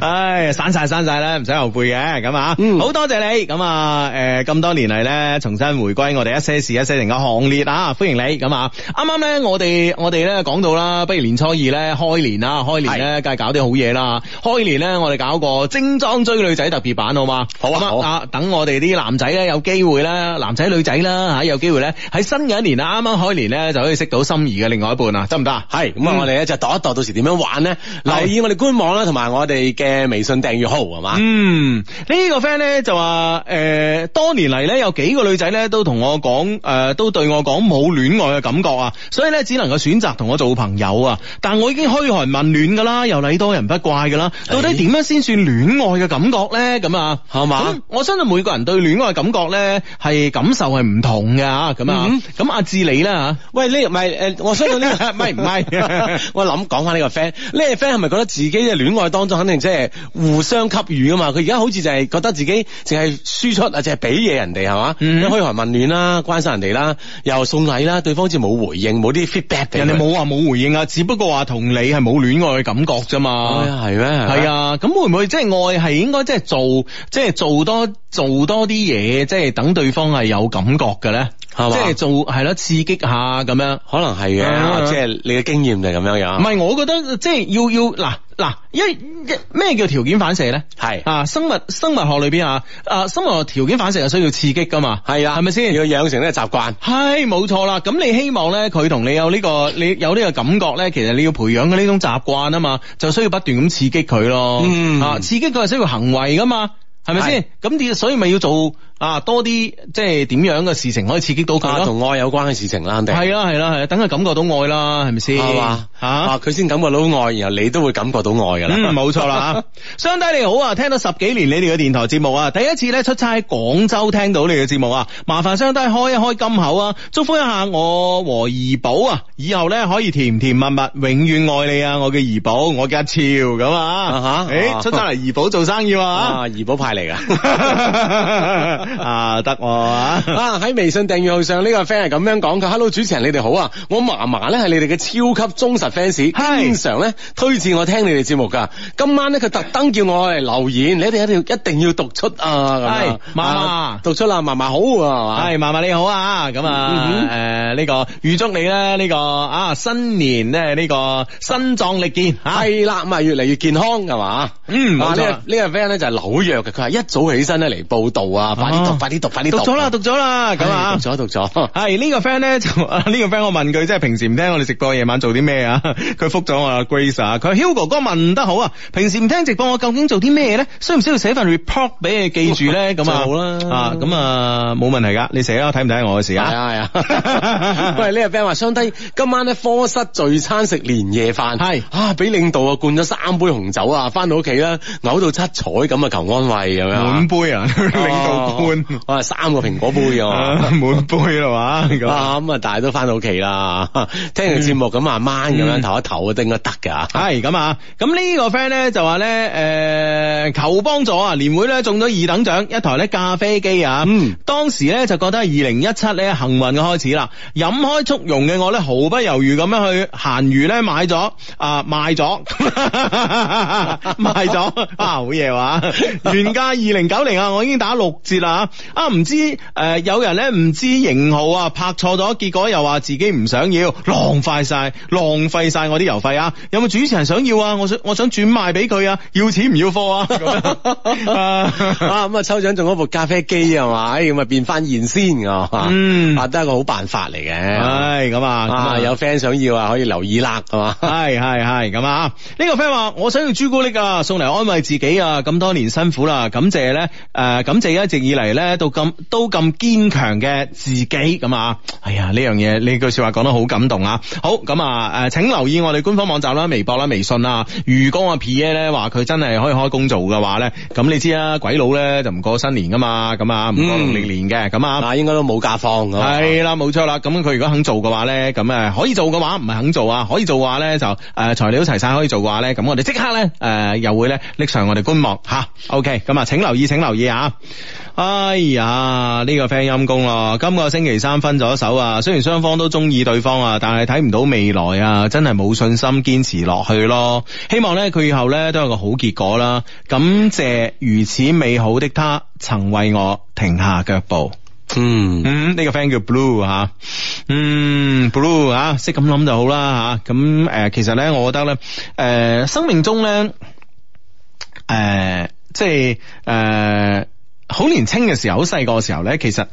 唉，散晒、散晒啦，唔使後悔嘅咁啊。好多謝你咁啊！誒，咁多年嚟咧，重新回歸我哋一些事一些情。行列啊，歡迎你咁啊！啱啱咧，我哋我哋咧講到啦，不如年初二咧開年啊，開年咧梗係搞啲好嘢啦！開年咧，我哋搞個精裝追女仔特別版，好嗎？好啊，那好啊，啊！等我哋啲男仔咧有機會啦，男仔女仔啦吓，有機會咧喺新嘅一年啊，啱啱開年咧就可以識到心儀嘅另外一半啊，得唔得啊？係咁啊！嗯、我哋咧就度一度，到時點樣玩呢？留意是我哋官網啦，同埋我哋嘅微信訂閱號係嘛？嗯，呢、呢個 friend 咧就話誒、呃，多年嚟咧有幾個女仔咧都同我講誒。呃呃都對我講冇戀愛嘅感覺啊，所以咧只能夠選擇同我做朋友啊。但我已經噓寒問暖噶啦，又禮多人不怪噶啦。到底點樣先算戀愛嘅感覺咧？咁、嗯、啊，係嘛吧、嗯？我相信每個人對戀愛嘅感覺咧係感受係唔同嘅嚇。咁、嗯、啊，咁阿志你啦喂呢唔係誒？我相信呢、這個咪唔係。我諗講翻呢個 friend，呢個 friend 係咪覺得自己嘅戀愛當中肯定即係互相給予啊嘛？佢而家好似就係覺得自己淨係輸出啊，淨係俾嘢人哋係嘛？嗯，噓寒問暖啦，關心人哋啦。啊，又送禮啦，對方好似冇回應，冇啲 feedback。嘅人哋冇話冇回應啊，只不過話同你係冇戀愛嘅感覺啫嘛。係咩？哎？係啊，咁、哎、會唔會即係愛係應該即係做，即係做多做多啲嘢，即係等對方係有感覺嘅咧？即係做係啦，刺激下咁樣，可能係嘅，即係你嘅經驗就咁樣樣。唔係，我覺得即係要要嗱嗱，一咩叫條件反射咧？係啊，生物生物學裏邊啊，啊，生物學條件反射係需要刺激噶嘛。係啊，係咪先？要養成呢個習慣。係冇錯啦。咁你希望咧，佢同你有呢個，你有呢個感覺咧，其實你要培養嘅呢種習慣啊嘛，就需要不斷咁刺激佢咯。啊，刺激佢係需要行為噶嘛，係咪先？咁你所以咪要做。.啊，多啲即係點樣嘅事情可以刺激到佢同、啊、愛有關嘅事情啦，肯定係啦係啦係，等佢感覺到愛啦，係咪先？係嘛吓，佢先、啊啊、感覺到愛，然後你都會感覺到愛噶、嗯、啦。冇錯啦吓，雙低你好啊，聽到十幾年你哋嘅電台節目啊，第一次咧出差廣州聽到你嘅節目啊，麻煩雙低開一開金口啊，祝福一下我和怡寶啊，以後咧可以甜甜蜜蜜，蜜，永遠愛你啊，我嘅怡寶，我嘅阿超咁啊吓，誒、啊啊欸，出差嚟怡寶做生意啊？怡寶、 啊、派嚟噶。 啊，得喎！啊，喺微信訂閱號上呢個 friend 係咁樣講：嘅，hello 主持人，你哋好啊！我嫲嫲咧係你哋嘅超級忠實 fans，經常咧推薦我聽你哋節目噶。今晚咧佢特登叫我嚟留言，你哋一定要一定要讀出啊！係，嫲嫲讀出啦，嫲嫲好啊，係嘛？係嫲嫲你好啊！咁啊，誒呢個預祝你咧呢個啊新年咧呢個身壯力健係啦，咁啊越嚟越健康係嘛？嗯，呢個 friend 咧就係紐約嘅，佢係一早起身咧嚟報道啊，讀快啲讀快啲讀咗啦讀咗啦咁啊讀咗讀咗係呢個 friend 咧就呢個 friend 我問佢即係平時唔聽我哋直播夜晚做啲咩啊佢覆咗我啊 Grace 啊佢話 Hugo 哥問得好啊平時唔聽直播我究竟做啲咩咧需唔需要寫份 report 俾你記住咧咁啊好啦咁啊冇問題噶你寫啊睇唔睇我嘅時間係啊喂呢個 friend 話相低今晚咧科室聚餐食年夜飯係啊俾領導啊灌咗三杯紅酒啊翻到屋企啦嘔到七彩咁啊求安慰咁樣啊五杯啊領導哇！ 三個蘋果杯啊，滿、啊、杯啦嘛？啊咁啊，大家都翻到屋企啦。聽完節目咁、嗯、慢慢咁、嗯嗯、 樣唞一唞啊，定都得噶。係咁啊，咁呢個 friend 咧就話咧，誒求幫助啊！年會咧中咗二等獎，一台咧咖啡機啊。嗯，當時咧就覺得二零一七咧幸運嘅開始啦。飲開速溶嘅我咧，毫不猶豫咁樣去閒魚咧買咗啊，賣咗，賣 咗啊，好嘢話，原價二零九零啊，我已經打六折啦。啊！唔知誒，有人咧唔知型號啊，拍錯咗，結果又話自己唔想要，浪費晒，浪費晒我啲郵費啊！有冇主持人想要啊？我想我想轉賣俾佢啊！要錢唔要貨啊？咁啊，咁啊，抽獎中咗部咖啡機係咪？咁啊，變翻現先啊，嗯，都係一個好辦法嚟嘅。唉，咁啊，有 friend 想要啊，可以留意啦，係嘛？係係係，咁啊，呢個 friend 話我想要朱古力啊，送嚟安慰自己啊，咁多年辛苦啦，感謝咧，誒，感謝一直以嚟。嚟咧，到咁都咁堅強嘅自己咁啊！哎呀，呢樣嘢，呢句話說話講得好感動啊！好咁啊，誒、呃，請留意我哋官方網站啦、微博啦、微信啦、啊。如果阿 Pier 咧話佢真係可以開工做嘅話咧，咁你知啦，鬼佬咧就唔過新年噶嘛，咁啊唔過農曆年嘅，咁啊、嗯、那應該都冇假放咁。係啦，冇錯啦，咁佢如果肯做嘅話咧，咁啊可以做嘅話，唔係肯做啊，可以做嘅話咧就誒材料齊晒可以做嘅話咧，咁、呃、我哋即刻咧誒又會咧拎上我哋官網吓。OK，咁啊請留意，請留意啊！啊。啊啊啊哎呀，呢個 friend 陰功咯，今個星期三分咗手啊。雖然雙方都中意對方啊，但係睇唔到未來啊，真係冇信心堅持落去咯。希望呢，佢以後呢，都有個好結果啦。感謝如此美好的他，曾為我停下腳步。嗯，嗯，呢個 friend 叫 Blue 吓，嗯，Blue 啊，識咁諗就好啦吓。咁、啊、誒，其實呢，我覺得呢，誒、呃，生命中呢，誒、呃，即係誒。呃好年輕嘅時候，好細個嘅時候咧，其實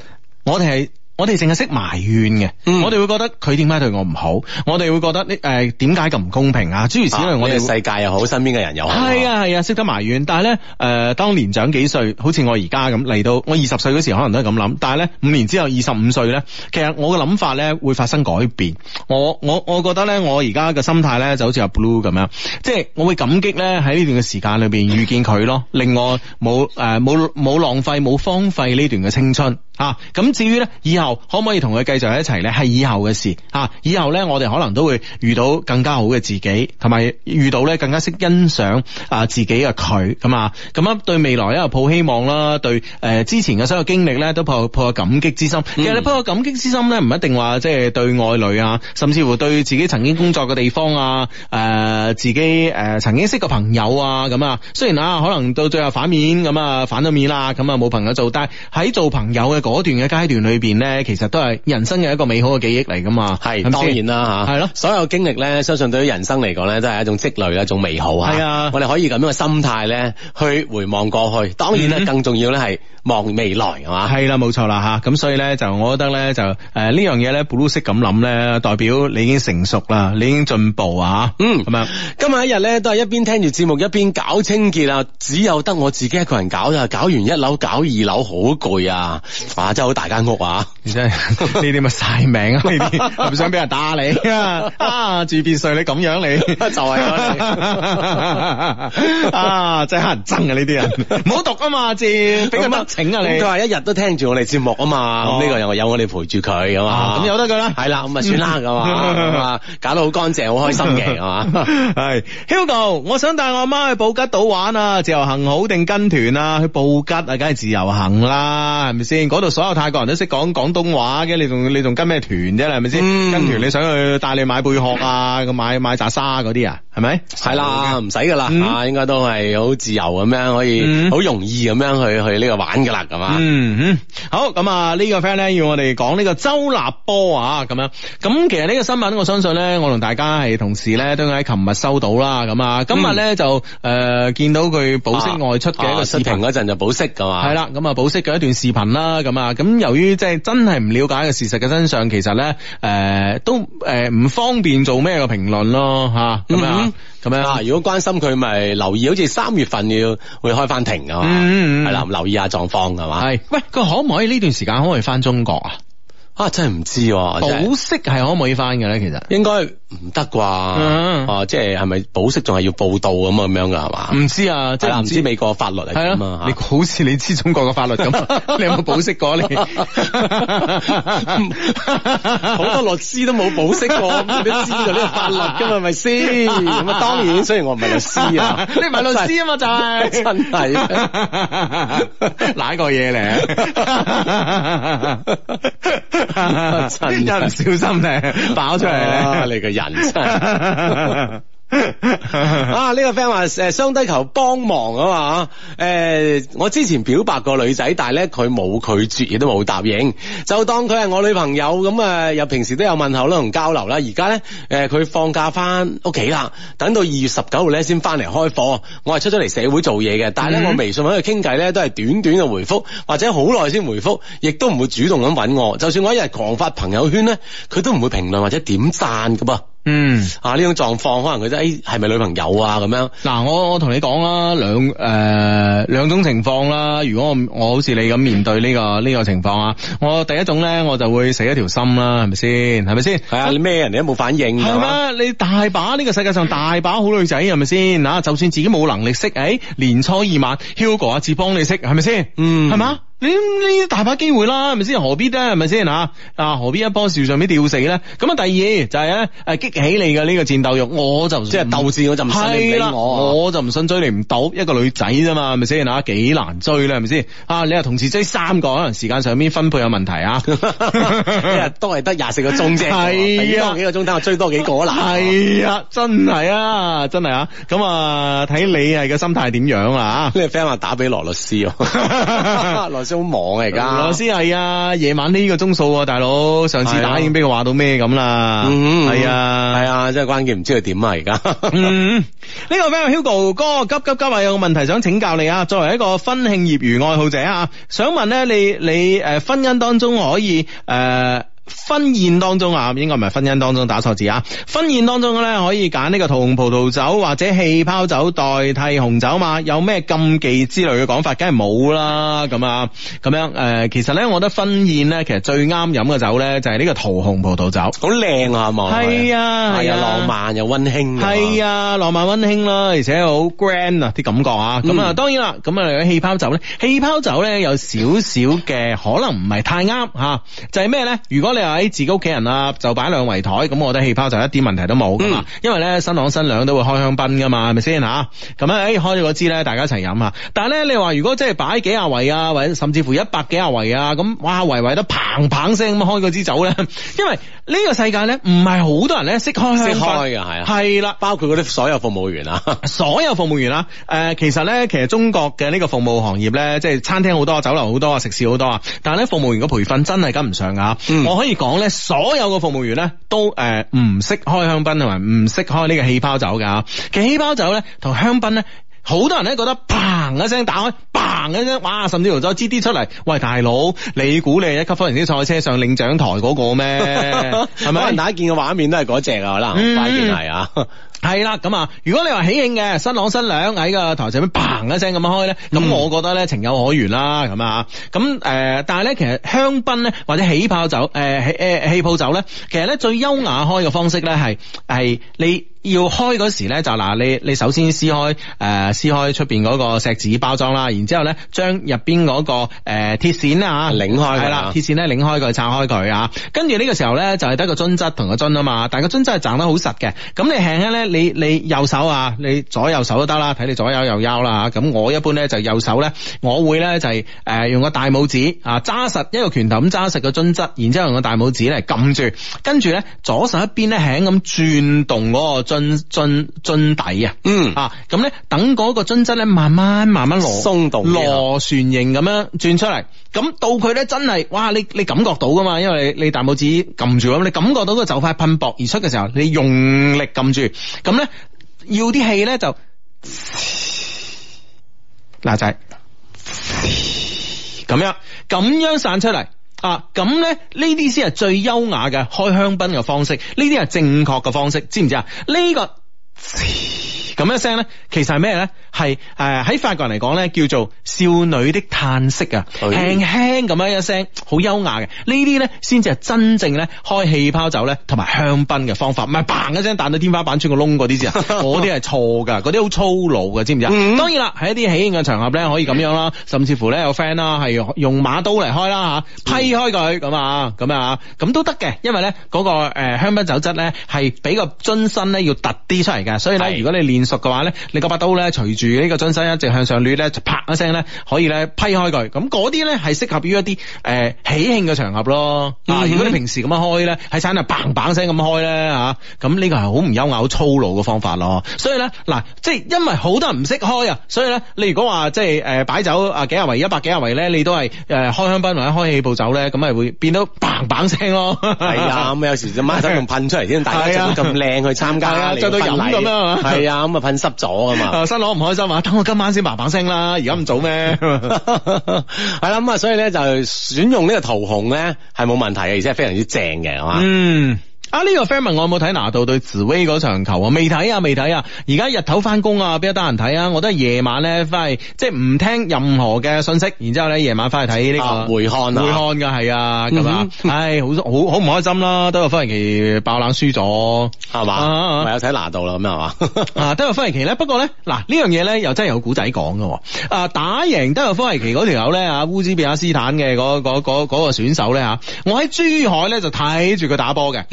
我哋係。我哋淨係識埋怨嘅，嗯、我哋會覺得佢點解對我唔好？我哋會覺得呢誒點解咁唔公平啊？諸如此類，我哋世界又好，身邊嘅人又好，係啊係啊，識、啊、得埋怨。但係咧誒，當年長幾歲，好似我而家咁嚟到，我二十歲嗰時可能都係咁諗。但係咧，五年之後二十五歲咧，其實我嘅諗法咧會發生改變。我我我覺得咧，我而家嘅心態咧就好似阿 blue 咁樣，即係我會感激咧喺呢段嘅時間裏邊遇見佢咯，令我冇誒冇冇浪費冇荒廢呢段嘅青春。啊，咁至於咧，以後可唔可以同佢繼續喺一齊咧？係以後嘅事啊！以後咧，我哋可能都會遇到更加好嘅自己，同埋遇到咧更加識欣賞啊自己嘅佢咁啊！咁樣，樣對未來咧抱希望啦，對誒之前嘅所有經歷咧都抱抱有感激之心。嗯、其實抱個感激之心咧，唔一定話即係對愛侶啊，甚至乎對自己曾經工作嘅地方啊，誒、呃、自己誒曾經識嘅朋友啊咁啊。雖然啊，可能到最後反面咁啊，反咗面啦，咁啊冇朋友做，但係喺做朋友嘅。嗰段嘅階段裏邊呢，其實都係人生嘅一個美好嘅記憶嚟噶嘛，係是當然啦吓，係咯的，所有經歷呢，相信對於人生嚟講呢，都係一種積累，一種美好吓。係啊，我哋可以咁樣嘅心態呢，去回望過去。當然呢，嗯、更重要呢係望未來，係嘛？係啦，冇錯啦吓。咁所以呢，就我覺得呢，就誒呢、呃、樣嘢呢 blue 識咁諗呢，代表你已經成熟啦，你已經進步啊嗯，咁樣吧今日一日呢，都係一邊聽住節目一邊搞清潔啊，只有得我自己一個人搞咋，搞完一樓，搞完一樓，搞二樓，好攰啊！哇！真係好大間屋啊！呢啲咪晒命啊！呢啲唔想俾人打你啊？住別墅你咁樣你就係啊！真係乞人憎啊！呢啲人，唔好讀啊嘛字，俾佢乜請啊你？佢話一日都聽住我哋節目啊嘛，呢個又有我哋陪住佢咁嘛。咁由得佢啦。係啦，咁啊算啦咁啊，搞到好乾淨，好開心嘅係嘛？係 Hugo，我想帶我阿媽去布吉島玩啊！自由行好定跟團啊？去布吉啊，梗係自由行啦，係咪先？度。所有泰國人都識講廣東話嘅，你仲你仲跟咩團啫？係咪先？跟團你想去帶你買貝殼啊，個買買扎沙嗰啲啊？係咪？係啦，唔使噶啦啊，應該都係好自由咁樣，可以好容易咁樣去去呢個玩噶啦，咁啊，好咁啊，呢個 friend 咧要我哋講呢個周立波啊，咁樣咁其實呢個新聞，我相信咧我同大家係同時咧都喺琴日收到啦，咁啊今日咧就誒見到佢保釋外出嘅一個視頻嗰陣就保釋噶嘛？係啦，咁啊保釋嘅一段視頻啦，咁。啊，咁由於即係真係唔瞭解嘅事實嘅真相，其實咧，誒都誒唔方便做咩個評論咯，嚇咁樣，咁樣嚇。如果關心佢，咪留意，好似三月份要會開翻庭㗎嘛，係啦，留意下狀況係嘛？係，喂，佢可唔可以呢段時間可唔可以翻中國啊？啊，真係唔知喎，保釋係可唔可以返嘅咧？其實應該唔得啩，啊，即係係咪保釋仲係要報到咁啊？咁樣噶係嘛？唔知啊，即係唔知美國法律嚟，係啊？你好似你知中國嘅法律咁，你有冇保釋過你？好多律師都冇保釋過，你知就呢個法律噶嘛？係咪先？咁啊，當然，雖然我唔係律師啊，你唔係律師啊嘛？就係，係，哪個嘢嚟？真一唔小心咧，爆出嚟咧，你個人真。 啊！呢、這個 friend 話誒，雙低求幫忙啊嘛，誒、啊，我之前表白個女仔，但係咧佢冇拒絕，亦都冇答應，就當佢係我女朋友咁啊，又、啊、平時都有問候啦，同交流啦。而家咧，誒、啊，佢放假翻屋企啦，等到二月十九號咧先翻嚟開課。我係出咗嚟社會做嘢嘅，但係咧我微信喺度傾偈咧都係短短嘅回覆，或者好耐先回覆，亦都唔會主動咁搵我。就算我一日狂發朋友圈咧，佢都唔會評論或者點讚噶噃。嗯，啊呢種狀況可能佢真誒，係咪女朋友啊咁樣？嗱、啊，我我同你講啦，兩誒兩種情況啦。如果我我好似你咁面對呢、這個呢、這個情況啊，我第一種咧，我就會死一條心啦，係咪先？係咪先？係啊，你咩人哋都冇反應，係嘛、啊？你大把呢、這個世界上大把好女仔，係咪先？吓，就算自己冇能力識，誒、欸、年初二晚，Hugo 阿志幫你識，係咪先？嗯，係嘛？呢大把機會啦，係咪先？何必咧？係咪先吓？啊，何必一樖樹上面吊死咧？咁啊，第二就係誒激起你嘅呢個戰鬥欲，我就即係鬥志，我就唔信你俾我，我就唔信追你唔到一個女仔咋嘛？係咪先啊？幾難追啦，係咪先啊？你又同時追三個，可能時間上面分配有問題啊？一日都係得廿四個鐘啫，係啊，幾個鐘頭追多幾個啦？係啊，真係啊，真係啊，咁啊睇你係個心態點樣啊？啲 friend 話打俾羅律師，都忙啊而家，嗯，老師係啊，夜晚呢個鐘數啊，大佬上次打已經俾佢話到咩咁啦，嗯，係啊，係啊，真係關鍵唔知佢點啊而家，呢個 f r Hugo 哥急急急啊，有個問題想請教你啊，作為一個婚慶業餘愛好者啊，想問咧你你誒、呃、婚姻當中可以誒。呃婚宴當中啊，應該唔係婚姻當中，打錯字啊。婚宴當中咧可以揀呢個桃紅葡萄酒或者氣泡酒代替紅酒嘛？有咩禁忌之類嘅講法？梗係冇啦咁啊，咁樣誒、呃，其實咧，我覺得婚宴咧，其實最啱飲嘅酒咧就係呢個桃紅葡萄酒，好靚啊，係嘛，係啊，係啊，浪漫又溫馨，係啊，浪漫溫馨啦，而且好 grand、嗯、點點啊，啲感覺啊，咁啊，當然啦，咁啊，氣泡酒咧，氣泡酒咧有少少嘅可能唔係太啱吓，就係咩咧？如果。你話喺自己屋企人啊，就擺兩圍台，咁我覺得氣泡就一啲問題都冇㗎喇。嗯，因為咧新郎新娘都會開香檳噶嘛，係咪先嚇？咁、啊、咧，誒開咗嗰支咧，大家一齊飲嚇。但係咧，你話如果即係擺幾廿圍啊，或者甚至乎一百幾廿圍啊，咁哇圍圍都砰砰聲咁開嗰支酒咧， 因為呢個世界咧唔係好多人咧識開香檳嘅，係啊，係啦，的包括嗰啲所有服務員啊， 所有服務員啊，誒、呃，其實咧，其實中國嘅呢個服務行業咧，即、就、係、是、餐廳好多、酒樓好多、食肆好多啊。但係咧，服務員嘅培訓真係跟唔上啊。嗯、我可以。所以講咧，所有嘅服務員咧都誒唔識開香檳，同埋唔識開呢個氣泡酒噶。嚇。其實氣泡酒咧同香檳咧。好多人咧覺得「嘭」一聲打開，「嘭」一聲哇，甚至乎咗支啲出嚟。喂，大佬，你估你係一級方程式坐喺車上領獎台嗰個咩？係咪？ 可能大家見嘅畫面都係嗰隻啊，可能關鍵係啊，係啦。咁啊、嗯， 如果你話喜慶嘅新郎新娘喺個台上邊「嘭」一聲咁樣開咧，咁我覺得咧情有可原啦。咁啊，咁誒，但係咧其實香檳咧或者起、呃呃、泡酒，誒誒氣泡酒咧，其實咧最優雅開嘅方式咧係係你。要開嗰時咧，就嗱你你首先撕開誒、呃、撕開出邊嗰個錫紙包裝、呃啊、好啦，然之後咧將入邊嗰個誒鐵線啦吓擰開係啦，鐵線咧擰開佢拆開佢啊，跟住呢個時候咧就係得個樽塞同個樽啊嘛，但係個樽塞係掟得好實嘅，咁你輕輕咧你你右手啊你左右手都得啦，睇你左右右腰啦吓，咁我一般咧就右手咧我會咧就係、是、誒、呃、用個大拇指啊揸實一個拳頭咁揸實個樽塞，然之後用個大拇指咧撳住，跟住咧左手一邊咧輕輕轉動嗰個樽。進進進底、嗯、啊，嗯啊，咁咧等嗰個樽質咧慢慢慢慢螺，鬆動螺旋形咁樣轉出嚟，咁到佢咧真係，哇！你你感覺到噶嘛？因為你，你大拇指撳住咁，你感覺到個就快噴薄而出嘅時候，你用力撳住，咁咧要啲氣咧就嗱仔，咁 樣咁樣，樣散出嚟。啊，咁咧，呢啲先係最優雅嘅開香檳嘅方式，呢啲係正確嘅方式，知唔知啊？呢個。咁一聲咧，其實係咩咧？係誒喺法國人嚟講咧，叫做少女的嘆息啊，輕輕咁樣一聲，好優雅嘅。呢啲咧先至係真正咧開氣泡酒咧同埋香檳嘅方法，唔係砰一聲彈到天花板穿個窿嗰啲先，嗰啲係錯噶，嗰啲好粗魯嘅，知唔知啊？當然啦，喺一啲喜慶嘅場合咧，可以咁樣啦，甚至乎咧有 friend 啦，係用馬刀嚟開啦吓，劈開佢咁啊，咁啊，咁都得嘅，因為咧嗰個誒香檳酒質咧係比個樽身咧要突啲出嚟嘅，所以咧如果你練。熟嘅話咧，你個把刀咧，隨住呢個樽身一直向上捋咧，就啪一聲咧，可以咧批開佢。咁嗰啲咧係適合於一啲誒、呃、喜慶嘅場合咯。嗱，如果你平時咁樣開咧，喺產度砰砰聲咁開咧嚇，咁呢個係好唔優雅、好粗魯嘅方法咯。所以咧，嗱，即係因為好多人唔識開啊，所以咧，你如果話即係誒擺酒啊幾廿圍、一百幾廿圍咧，你都係誒開香檳或者開氣泡酒咧，咁咪會變到砰砰聲咯。係啊，咁有時就掹手仲噴出嚟先，大家整到咁靚去參加啦。的啊、分禮咁樣啊，係啊。噴濕咗啊嘛，新郎唔開心啊，等我今晚先麻麻聲啦，而家咁早咩？係啦，咁啊，所以咧就選用呢個桃紅咧係冇問題嘅，而且係非常之正嘅，係嘛？嗯。呢、啊，這個 friend 問我有冇睇拿度對斯威嗰場球啊？未睇啊，未睇啊！而家日頭翻工啊，比得得人睇啊？我都係夜晚咧翻去，即係唔聽任何嘅信息，然之後咧夜晚翻去睇呢個回看啊，啊回看㗎係啊咁啊！唉、啊 哎，好好好唔開心啦，德約科維奇爆冷輸咗係嘛？唔有睇拿度啦咁係嘛？德約科維奇咧，不過咧嗱呢樣嘢咧又真係有古仔講㗎喎！啊，打贏德約科維奇嗰條友咧啊，烏茲比阿斯坦嘅嗰嗰個選手咧嚇，我喺珠海咧就睇住佢打波嘅，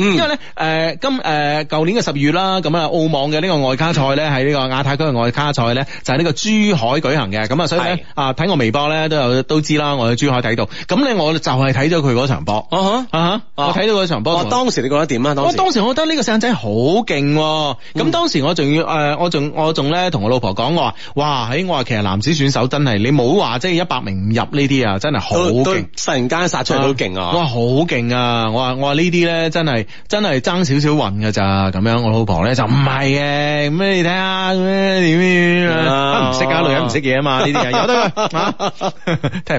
誒，今誒舊年嘅十月啦，咁啊澳網嘅呢個外卡賽咧，喺呢、嗯、個亞太區嘅外卡賽咧，就係、是、呢個珠海舉行嘅。咁啊，所以咧啊，睇我微博咧都有都知啦，我喺珠海睇到。咁咧，我就係睇咗佢嗰場波。我睇到嗰場波。當時你覺得點啊？當時、啊，當時我覺得呢個細仔好勁。咁、嗯啊、當時我仲要誒、啊，我仲我仲咧同我老婆講，我話哇，嘿，我話其實男子選手真係，你冇話即係一百名唔入呢啲啊，真係好勁，突然間殺出嚟都勁啊！我話好勁啊！我話我話呢啲咧真係。真真係爭少少運噶咋咁樣，我老婆咧就唔係嘅，咁 你睇下咁咩點點唔識啊，啊，啊，啊，女人唔識嘢啊嘛，呢啲嘢，有得，聽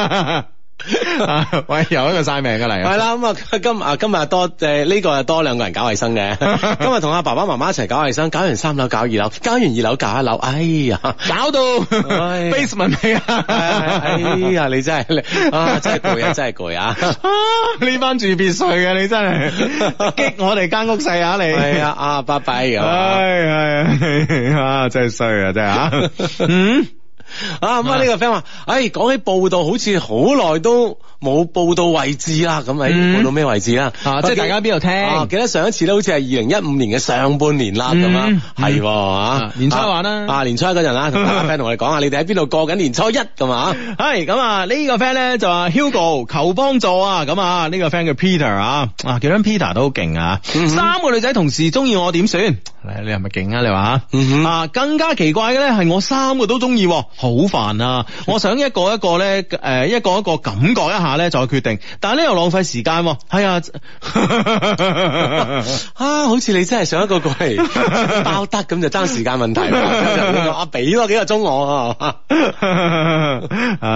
唔到啊。 喂，又一個曬命嘅嚟，係啦，咁啊，今啊今日多誒呢、呃這個又多兩個人搞衛生嘅，今日同阿爸爸媽媽一齊搞衛生，搞完三樓，搞二樓，搞完二樓，搞一樓，哎呀，搞到、哎、呀 basement 啊，哎呀，哎呀，你真係啊真係攰啊真係攰啊，呢、 啊、班住別墅嘅、啊、你真係激我哋間屋細啊你，係啊啊拜拜，係係啊真係衰啊真係啊，嗯。啊！咁啊，呢個 friend 話，誒，講起報道，好似好耐都冇報道位置啦。咁喺報到咩位置啦？啊，即係大家邊度聽？記得上一次咧，好似係二零一五年嘅上半年啦，咁啊，係啊，年初一啦。啊，年初一嗰陣啊，同大家 friend 同我哋講下，你哋喺邊度過緊年初一噶嘛？係咁啊，呢個 friend 咧就話 Hugo 求幫助啊。咁啊，呢個 friend 叫 Peter 啊，啊，叫聲 Peter 都好勁啊。三個女仔同時中意我，點算？你你係咪勁啊？你話啊？啊，更加奇怪嘅咧，係我三個都中意。好煩啊！我想一個一個咧，誒、呃，一個一個感覺一下咧，再決定。但係呢又浪費時間，係啊，哎、呀 啊，好似你真係上一個櫃包得咁，就爭時間問題。啊，俾多幾個鐘我，啊，嘛？唉，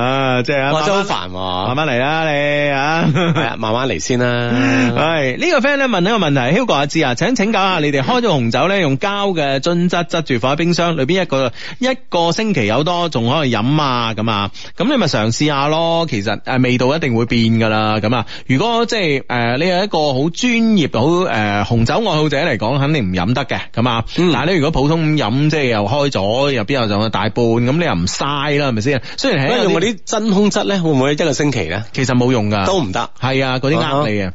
即係啊，真係好煩，慢慢嚟啦，你啊， 哎、慢慢嚟先啦、啊。唉， 呢、這個 friend 咧問一個問題，Hugo 阿志啊， 請請教下你哋開咗紅酒咧，用膠嘅樽質執住放喺冰箱裏邊，一個一個星期有多？仲可以飲啊，咁啊，咁你咪嘗試下咯。其實誒、啊、味道一定會變噶啦。咁啊，如果即係誒、呃、你係一個好專業好誒、呃、紅酒愛好者嚟講，肯定唔飲得嘅。咁啊，嗱，你如果普通咁飲，即係又開咗，入邊又仲有大半，咁你又唔嘥啦，係咪先？雖然用嗰啲真空質咧，會唔會一個星期咧？其實冇用噶，都唔得。係啊，嗰啲呃你啊。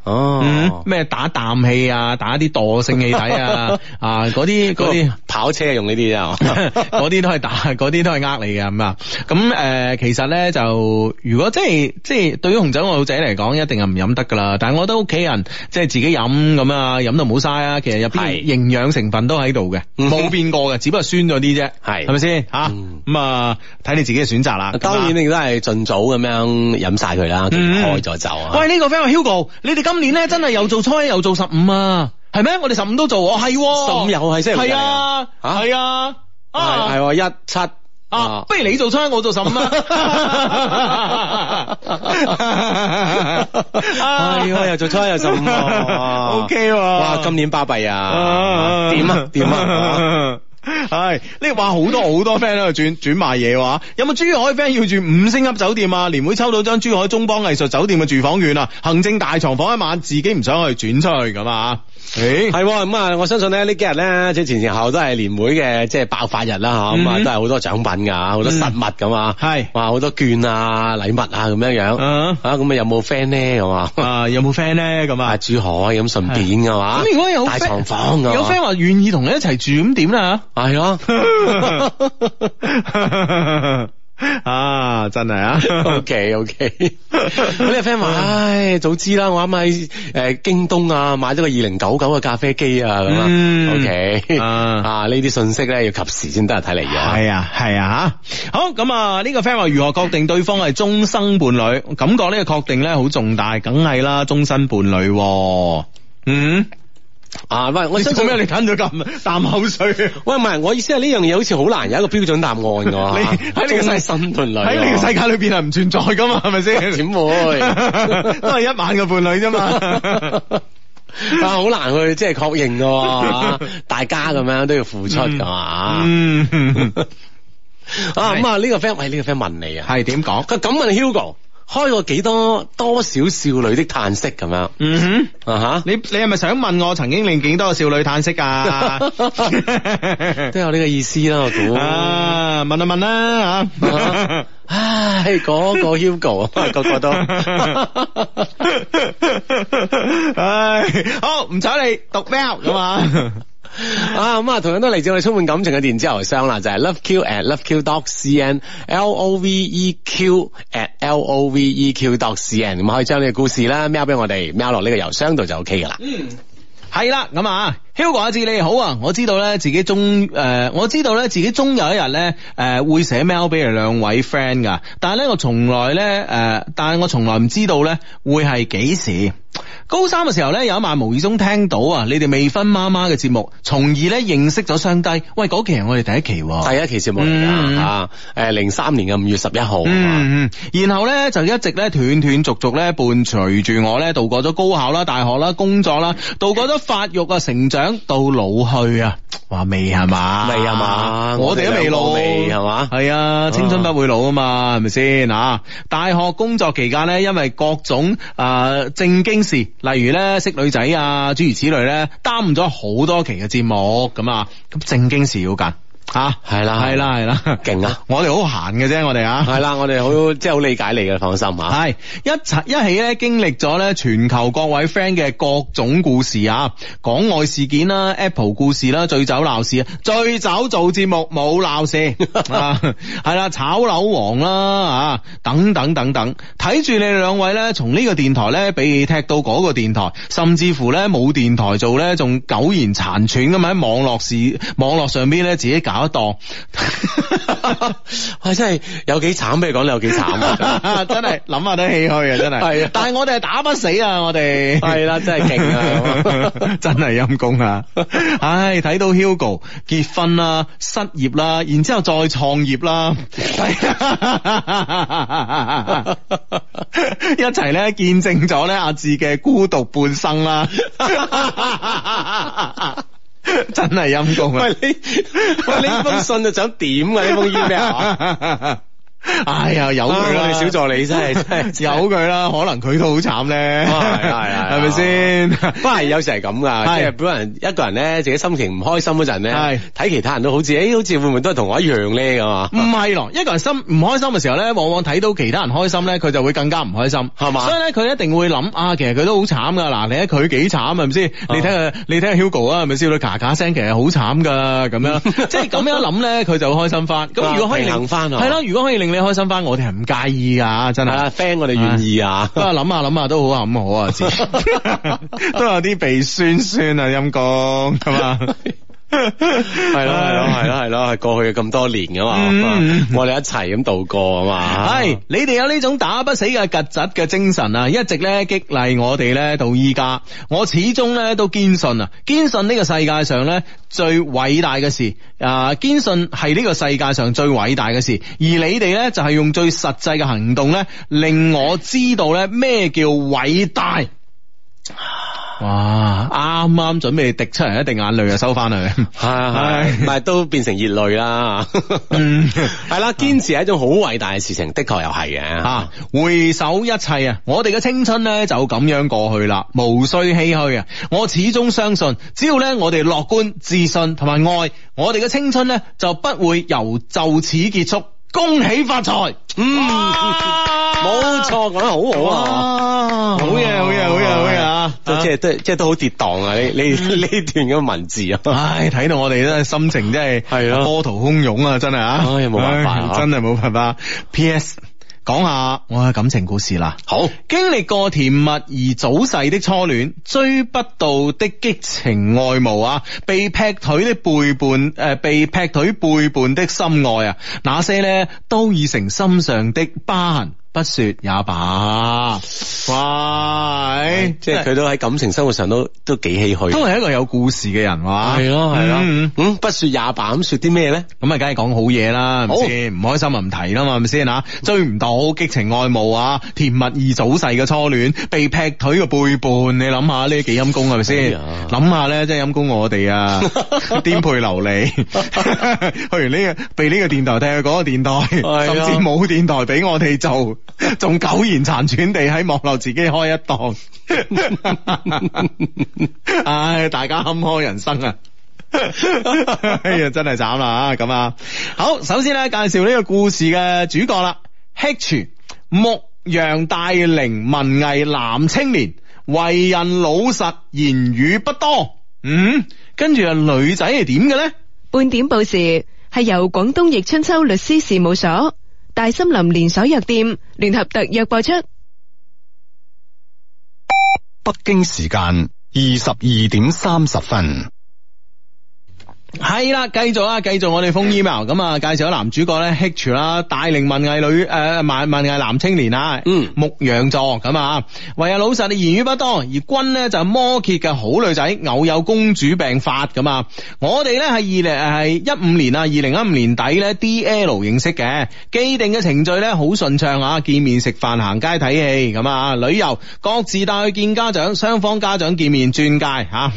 咩、嗯、打氮氣啊，打啲惰性氣體啊， 啊嗰啲啲跑車用呢啲啊，嗰啲 都係打，嗰啲都係呃你嘅。咁啊，咁誒，其實咧就如果即係即係，對於紅酒我老仔嚟講，一定係唔飲得噶啦。但係我覺得屋企人即係自己飲咁啊，飲到唔好嘥啊。其實入邊營養成分都喺度嘅，冇變過嘅，只不過酸咗啲啫。係係咪先吓？咁啊，睇你自己嘅選擇啦。當然你都係盡早咁樣飲晒佢啦，開咗酒啊。喂，呢個 friend Hugo，你哋今年咧真係又做初一又做十五啊？係咩？我哋十五都做，係十五又係星期日啊？係啊，係係一七。不如你做初一，我做十五蚊。啊，要又做初一又十五 OK。哇，今年巴閉啊，點啊點啊，係呢個話好多好多 friend 喺度轉轉賣嘢喎，有冇珠海 friend 要住五星級酒店啊？年會抽到張珠海中邦藝術酒店嘅住房券啊。行政大床房一晚，自己唔想去轉出去咁啊。係，係咁啊！哦、我相信咧呢幾日咧，即係前前後後都係年會嘅，即係爆發日啦，吓咁啊，都係好多獎品噶，好多實物咁啊，係、嗯、哇，好多券啊、禮物啊咁樣樣啊，咁啊你有冇 friend 咧？係嘛啊，有冇 friend 咧？咁啊，珠海咁順便嘅嘛。咁是、啊、如果有大床房，有 friend 話願意同你一齊住，咁點啊？係啊、哦。 啊，真係啊 ，OK OK，咁呢 個 friend 話， 唉，早知啦，我咪誒京東、嗯 okay. 啊，買咗個二零九九嘅咖啡機啊，咁啊，OK 啊，呢啲信息咧要及時先得，睇嚟嘅，係啊係啊吓，好，咁啊呢個 friend 話，如何確定對方係終生伴侶？感覺呢個確定咧好重大，梗係啦，終生伴侶，嗯。啊，喂！我意思做咩你吞到咁啖口水？喂，唔係，我意思係呢樣嘢好似好難有一個標準答案噶。 你喺呢個世身段裏，喺呢個世界裏邊係唔存在噶麼 嘛？係咪先？點會？都係一晚嘅伴侶啫嘛。但係好難去即係確認噶，啊，大家咁樣都要付出噶啊。啊，咁啊呢個 friend，喂呢個 friend 問你啊，係點講？佢咁問 Hugo。開過幾多多少少女的嘆息咁樣？嗯哼、mm，啊、hmm. 哈、uh huh.，你你係咪想問我曾經令幾多少，少女嘆息啊？ 都有呢個意思啦，我估 啊，問，問啊問啦吓，啊、 唉，嗰、那個 Hugo 個 個都， 唉，好唔阻你讀 mail 咁啊。 啊 咁啊，同樣都嚟自我充滿感情嘅電子郵箱啦，就係、是、loveq at loveq dot cn，L O V E Q at L O V E Q dot cn，咁可以將呢個故事啦，mail 俾我哋，mail 落呢個郵箱度就 OK 噶啦。嗯，係啦，咁 啊，Hugo 阿志你好啊，我知道咧自己中誒、呃，我知道咧自己終有一日咧誒會寫 mail 俾你兩位 friend 噶，但係咧我從來咧誒、呃，但係我從來唔知道咧會係幾時。高三嘅時候咧，有一晚無意中聽到啊，你哋未婚媽媽嘅節目，從而咧認識咗相低。喂，嗰期係我哋第一期、啊，第一期節目嚟噶吓。誒，零三年嘅五月十一號，嗯嗯。然後咧就一直咧斷斷續續咧伴隨住我咧度過咗高考啦、大學啦、工作啦，度過咗發育啊、成長到老去啊。話未係嘛？未係嘛？我哋都未老。未係嘛？係啊，青春不會老啊嘛？係咪先啊？大學工作期間咧，因為各種誒、呃、正經、啊。啊啊事，例如咧識女仔啊，諸如此類咧，耽誤咗好多期嘅節目咁啊，咁正經事要揀。吓係啦係啦係啦，勁啊！我哋好閒嘅啫，我哋啊係啦，我哋好即係好理解你嘅，放心吓。係一齊一起咧，經歷咗咧全球各位 friend 嘅各種故事啊，港外事件啦、啊，Apple 故事啦、啊，醉酒鬧事，啊，醉酒做節目冇鬧事、啊，係啦、 啊，炒樓王啦啊，啊，等等等等，睇住你哋兩位咧，從呢個電台咧俾你踢到嗰個電台，甚至乎咧冇電台做咧，仲苟延殘喘噶喺網絡時網絡上邊咧自己搞。打一檔，喂、 哎，真係有幾慘，俾你講你有幾慘，真係諗下都唏嘘啊！真係，係啊！真 但係我哋係打不死啊！我哋係啦，真係勁啊！ 真係陰功啊！唉，睇到 Hugo 結婚啦、啊、失業啦、啊，然之後再創業啦、啊， 一齊咧見證咗咧阿志嘅孤獨半生啦、啊。 真係陰功啊！喂，你喂，呢封信就想點啊？呢封 email 啊？哎呀，由佢啦，小助理真係，由佢啦，可能佢都好慘咧。係啊係啊，係咪先？不過有時係咁噶，即係本人一個人咧，自己心情唔開心嗰陣咧，係睇其他人都好似，誒，好似會唔會都係同我一樣咧咁啊？唔係咯，一個人心唔開心嘅時候咧，往往睇到其他人開心咧，佢就會更加唔開心，係嘛？所以咧，佢一定會諗啊，其實佢都好慘噶。嗱，你睇佢幾慘係咪先？你睇下你睇下 Hugo 啊，係咪笑到嘎嘎聲，其實好慘噶咁樣。即係咁樣諗咧，佢就開心翻。咁如果可以令翻啊，係咯，如果可以令。你開心翻，我哋係唔介意噶，真係。friend 了我哋願意唉啊，不過諗下諗下都好咁好啊，啊 都有啲鼻酸酸啊，陰公係嘛。 係咯係咯係咯係咯，係 過去咁多年噶、嗯、 嘛，我哋一齊咁度過啊嘛。係你哋有呢種打不死嘅曱甴嘅精神啊，一直咧激勵我哋咧到依家。我始終咧都堅信啊，堅信呢個世界上咧最偉大嘅事啊，堅信係呢個世界上最偉大嘅事。而你哋咧就係用最實際嘅行動咧，令我知道咧咩叫偉大。哇！啱啱準備滴出嚟一滴眼淚，又收翻去。係係、 啊，但係、啊、 都變成熱淚啦。 嗯，係啦，堅持係一種好偉大嘅事情，的確又係嘅。吓、啊，回首一切啊，我哋嘅青春咧就咁樣過去啦，無須唏嘘啊！我始終相信，只要咧我哋樂觀、自信同埋愛，我哋嘅青春咧就不會由就此結束。恭喜發財！嗯，冇錯，講得好好啊！哇好嘢，好嘢，好嘢，好嘢。即即即即都好跌宕啊！你你呢 段嘅文字，唉、 哎，睇到我哋咧心情真係係咯，波濤洶湧啊，真係啊，唉、啊，冇辦法、啊哎，真係冇辦法、啊。P.S. 講下我嘅感情故事啦。好，經歷過甜蜜而早逝的初戀，追不到的激情愛慕啊，被劈腿的背叛，誒、呃，被劈腿背叛的心愛啊，那些呢，都已成心上的疤痕。不說也罷，哇，即係是佢是都喺感情生活上都都幾唏噓，都係一個有故事嘅人，係咯，係咯，嗯，嗯，不說也罷。咁說啲咩咧？咁啊，梗係講好嘢啦，唔知唔開心啊，唔提啦嘛，係咪先啊？追唔到激情愛慕啊，甜蜜而早逝嘅初戀，被劈腿嘅背叛，你諗下呢？幾陰功係咪先？諗下咧，真係陰功我哋啊，顛沛流離， 去完呢個，被呢個電台踢去嗰個電台，電台甚至冇電台俾我哋做。仲苟延殘喘地喺網絡自己開一檔，唉，大家坎坷人生啊！ 哎呀，真係慘啦咁啊！好，首先咧，介紹呢個故事嘅主角啦，H 牧羊大齡文藝男青年，為人老實，言語不多。嗯，跟住啊，女仔係點嘅咧？半點報時係由廣東易春秋律師事務所大森林連鎖藥店聯合特約播出。北京時間二十二點三十分。係啦，繼續啦，繼續我哋封 email 咁啊，介紹咗男主角咧，hitu 啦，H，大齡文藝女誒，文、呃、文藝男青年啊，嗯，牧羊座咁啊，唯有老實嘅言語不多，而君呢，就係、摩羯嘅好女仔，偶有公主病發咁啊，我哋咧係二零係一五年啊，二零一五年底咧，D L 認識嘅，既定嘅程序咧好順暢啊，見面食飯、行街、睇戲咁啊，旅遊，各自帶去見家長，雙方家長見面轉介吓。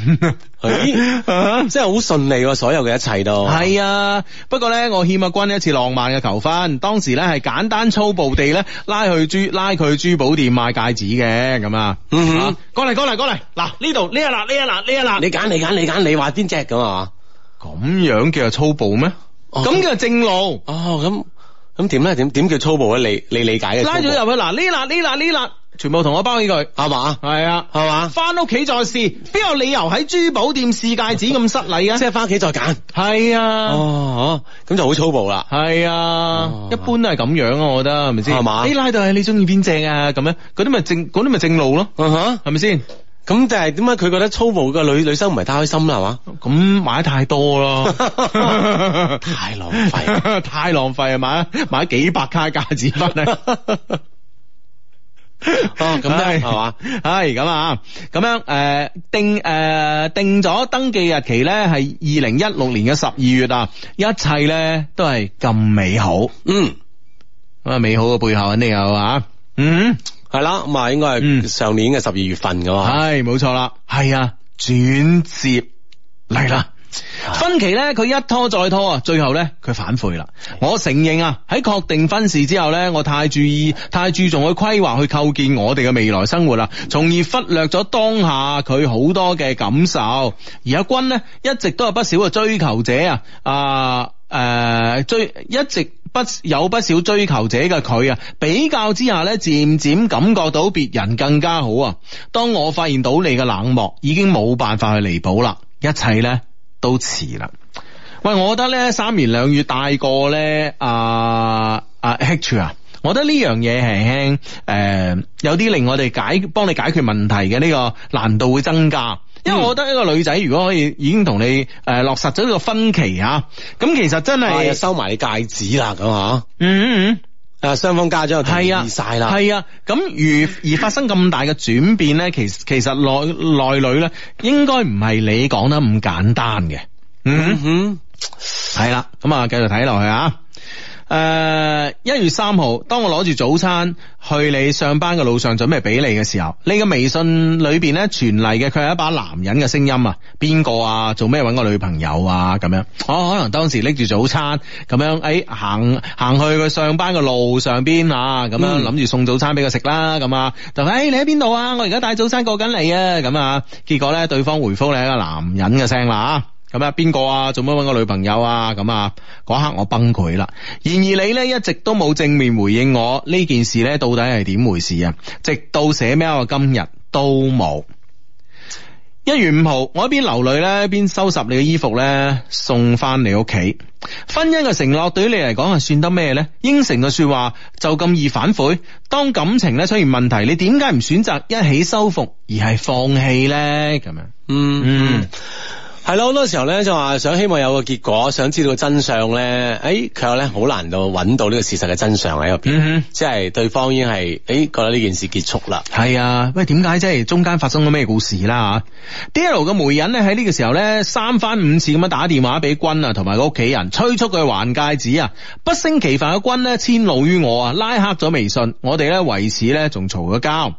係啊，真係好順利，所有嘅一切都係啊，啊。不過咧，我欠阿君一次浪漫嘅求婚，當時咧係簡單粗暴地咧拉去珠拉佢珠寶店買戒指嘅咁、嗯嗯、啊。嗯哼，過嚟過嚟過嚟，嗱呢度呢一嗱呢一嗱呢一嗱，你揀你揀你揀，你話邊隻咁啊？咁樣叫做粗暴咩？咁叫做正路啊？咁咁點咧？點、哦、點叫粗暴咧？你你理解嘅？拉咗入去嗱呢啊呢啊呢啊。全部同我包起佢，係嘛？係啊，係嘛？翻屋企再試，邊有理由喺珠寶店試戒指咁失禮啊？即係翻屋企再揀，係啊。哦，咁就好粗暴啦。係啊，一般都係咁樣啊，我覺得係咪先？係嘛？你拉到係你中意邊正啊？咁咧，嗰啲咪正，嗰啲咪正路咯。吓，係咪先？咁但係點解佢覺得粗暴嘅女女生唔係太開心啦？係嘛？咁買得太多咯，太浪費，太浪費係嘛？買幾百卡戒指翻嚟。 哦，咁都係嘛，唉是，咁啊吧，咁樣誒、呃，定誒、呃、定咗登記日期咧，係二零一六年嘅十二月啊，一切咧都係咁美好，嗯，咁啊美好嘅背後肯定有啊，嗯，係啦，咁啊應該係上年嘅十二月份噶嘛，係冇錯啦，係啊，轉接嚟啦。嗯分歧呢，佢一拖再拖啊。最後呢，佢反悔啦。我承認啊，喺確定婚事之後呢，我太注意、太注重去規劃、去構建我哋嘅未來生活啦，從而忽略咗當下佢好多嘅感受。而阿君呢，一直都有不少嘅追求者啊啊誒追，一直不有不少追求者嘅佢啊，比較之下呢，漸漸感覺到別人更加好啊。當我發現到你嘅冷漠已經冇辦法去彌補啦，一切呢。都遲啦，喂，我覺得咧三言兩語帶過咧，阿阿 Hector 啊，我覺得呢樣嘢係輕，誒、呃，有啲令我哋解幫你解決問題嘅呢個難度會增加，嗯、因為我覺得一個女仔如果可以已經同你誒、呃、落實咗呢個分歧，啊，咁其實真係收埋你戒指啦，咁下，嗯，嗯，嗯。啊！雙方家長就睇晒啦，係啊。咁如而發生咁大嘅轉變咧，其實其實內內裏咧，應該唔係你講得咁簡單嘅。嗯哼，係啦。咁啊，繼續睇落去啊。誒，一、uh, 月三號，當我攞住早餐去你上班嘅路上準備俾你嘅時候，你嘅微信裏邊咧傳嚟嘅佢係一把男人嘅聲音啊，邊個啊，做咩搵個女朋友啊咁樣，我、哦、可能當時拎住早餐咁樣，誒、欸、行行去佢上班嘅路上邊啊，咁樣諗住送早餐俾佢食啦，咁啊，就誒、欸、你喺邊度啊，我而家帶早餐過緊嚟啊，咁啊，結果咧對方回復你一個男人嘅聲啦。咁啊，邊個啊？做乜搵個女朋友啊？咁啊，嗰刻我崩潰啦。然而你呢，一直都冇正面回應我呢件事呢，到底係點回事啊？直到寫咩啊今日都冇。一月五號，我一邊流淚呢，一邊收拾你嘅衣服呢，送翻你屋企。婚姻嘅承諾對你嚟講係算得咩呢？應承嘅說話就咁易反悔，當感情呢出現問題，你點解唔選擇一起修復而係放棄呢？咁樣，嗯嗯。嗯係咯，好多時候咧就話想希望有個結果，想知道個真相咧，誒，佢又咧好難到搵到呢個事實嘅真相喺入邊，嗯、哼即係對方已經係，誒，覺得呢件事結束啦。係啊、哎，喂，點解即係中間發生咗咩故事啦？Daryl 嘅媒人咧喺呢個時候咧三番五次咁樣打電話俾君啊，同埋個屋企人催促佢還戒指啊，不勝其煩嘅君咧遷怒於我啊，拉黑咗微信，我哋咧為此咧仲嘈咗交。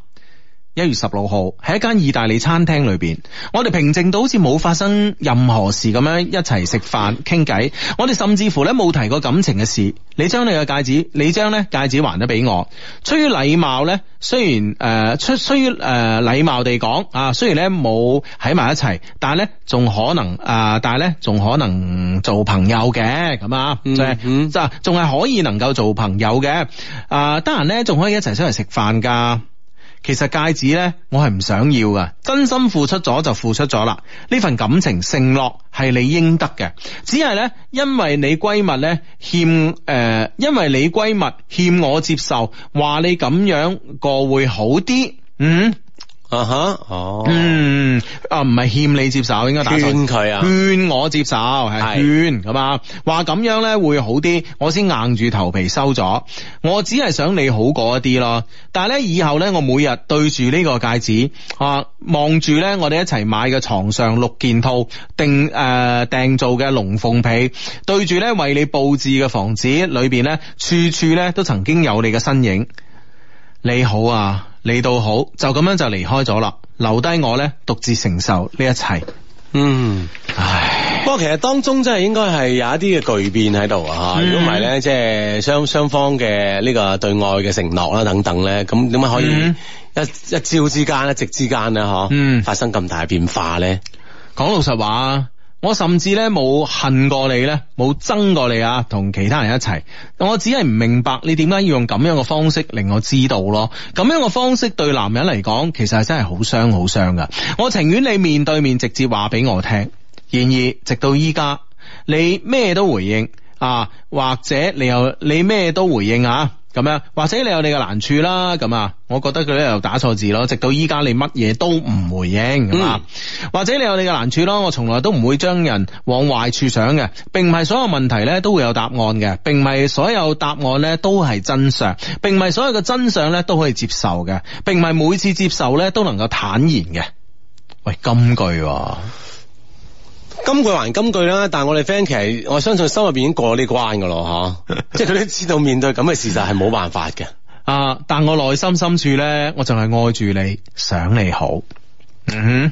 一月十六號喺一間意大利餐廳裏邊，我哋平靜到好似冇發生任何事咁樣一齊食飯傾偈，我哋甚至乎呢冇提過感情嘅事。你將你嘅戒指，你將呢戒指還咗俾我。出於禮貌呢，雖然誒、呃、出出於、呃、禮貌地講啊，雖然呢冇喺埋一齊，但係呢仲可能啊、呃，但係呢仲可能做朋友嘅咁啊，即係仲係可以能夠做朋友嘅啊、呃，得閒咧仲可以一齊出嚟食飯噶。其實戒指咧，我係唔想要噶，真心付出咗就付出咗啦。呢份感情承諾係你應得嘅，只係咧因為你閨蜜咧欠誒、呃，因為你閨蜜欠我接受，話你咁樣過會好啲，嗯。啊哈，哦，嗯，啊，唔係欠你接受，應該打佢啊，勸我接受係勸，咁啊是，話咁樣咧會好啲，我先硬住頭皮收咗，我只係想你好過一啲咯。但係咧以後咧，我每日對住呢個戒指啊，望住咧我哋一齊買嘅床上六件套，定誒訂做嘅龍鳳被，對住咧為你布置嘅房子裏邊咧，處處咧都曾經有你嘅身影。你好啊。嚟到好就咁樣就離開咗啦，留低我咧獨自承受呢一切。嗯，唉。不過其實當中真係應該係有一啲嘅巨變喺度啊。如果唔係咧，即係雙雙方嘅呢個對愛嘅承諾啦等等咧，咁點解可以一、嗯、一朝之間、一夕之間咧？嗬，嗯，發生咁大嘅變化咧？講、嗯、老實話。我甚至咧冇恨過你呢，冇憎過你啊，同其他人一齊。我只係唔明白你點解要用咁樣嘅方式令我知道咯？咁樣嘅方式對男人嚟講，其實係真係好傷好傷噶。我情願你面對面直接話俾我聽。然而直到依家，你咩都回應啊，或者你又你咩都回應啊？咁樣，或者你有你嘅難處啦，咁啊，我覺得佢咧又打錯字咯。直到依家你乜嘢都唔回應，係嘛？嗯、或者你有你嘅難處咯。我從來都唔會將人往壞處想嘅，並唔係所有問題咧都會有答案嘅，並唔係所有答案咧都係真相，並唔係所有嘅真相咧都可以接受嘅，並唔係每次接受咧都能夠坦然嘅。喂，金句喎。金句還金句啦，但係我哋 friend，其實我相信心入邊已經過咗呢關噶咯吓， 即係佢都知道面對咁嘅事實係冇辦法嘅。 啊，但我內心深處呢，我就係愛住你，想你好。嗯哼，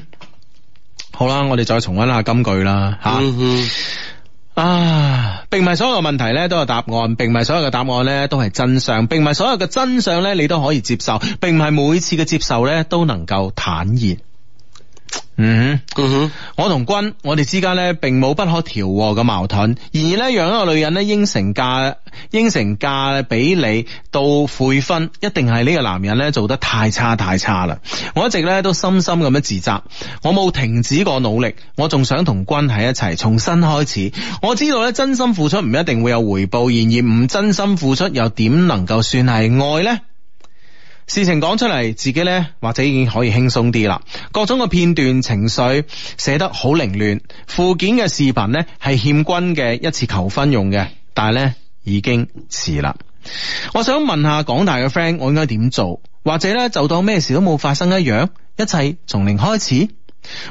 好啦，我哋再重温下金句啦吓。啊， 啊並唔係所有嘅問題咧都有答案，並唔係所有嘅答案咧都係真相，並唔係所有嘅真相咧你都可以接受，並唔係每次嘅接受咧都能夠坦然。嗯哼，我同君，我哋之間咧並冇不可調和嘅矛盾，然而咧讓一個女人咧應承嫁應承嫁咧俾你到悔婚，一定係呢個男人咧做得太差太差啦。我一直咧都深深咁樣自責，我冇停止過努力，我仲想同君喺一齊重新開始。我知道咧真心付出唔一定會有回報，然而唔真心付出又點能夠算係愛呢？事情講出嚟，自己咧或者已經可以輕鬆啲啦。各種嘅片段情緒寫得好凌亂，附件嘅視頻咧係欠君嘅一次求婚用嘅，但係咧已經遲啦。我想問下廣大嘅 friend，我應該點做？或者咧就當咩事都冇發生一樣，一切從零開始。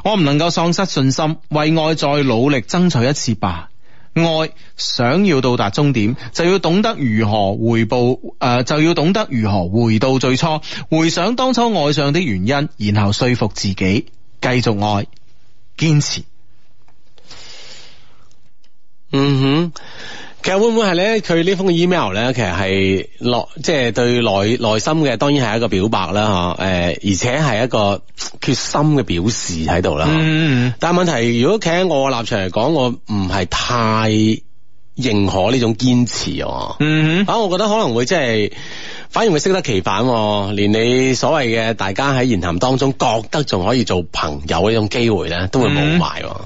我唔能夠喪失信心，為愛再努力爭取一次吧。愛想要到達終點，就要懂得如何回報，誒、呃，就要懂得如何回到最初，回想當初愛上的原因，然後說服自己繼續愛，堅持。嗯哼。其實會唔會係咧？佢呢封 email 咧，其實係內即係對內內心嘅，當然係一個表白啦，吓誒，而且係一個決心嘅表示喺度啦。嗯嗯嗯。但係問題，如果企喺我嘅立場嚟講，我唔係太認可呢種堅持。嗯啊、嗯，我覺得可能會即係反而會適得其反，連你所謂嘅大家喺言談當中覺得仲可以做朋友呢種機會咧，都會冇埋。嗯嗯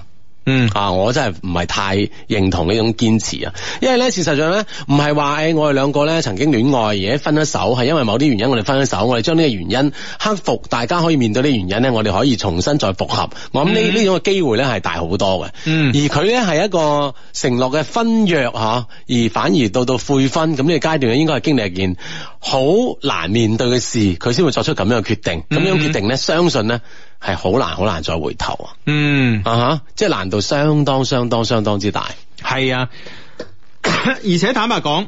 嗯啊，我真係唔係太認同呢種堅持啊，因為咧，事實上咧，唔係話誒，我哋兩個咧曾經戀愛而且分咗手，係因為某啲原因我哋分咗手，我哋將呢個原因克服，大家可以面對呢個原因咧，我哋可以重新再復合，我諗呢呢種嘅機會咧係大好多嘅。嗯，而佢咧係一個承諾嘅婚約嗬，而反而到到悔婚咁呢個階段咧，應該係經歷一件好難面對嘅事，佢先會作出咁樣嘅決定。咁呢種決定咧，相信咧。係好難，好難再回頭啊！嗯啊哈，uh、huh，即係難度相當相當相當之大。係啊，而且坦白講，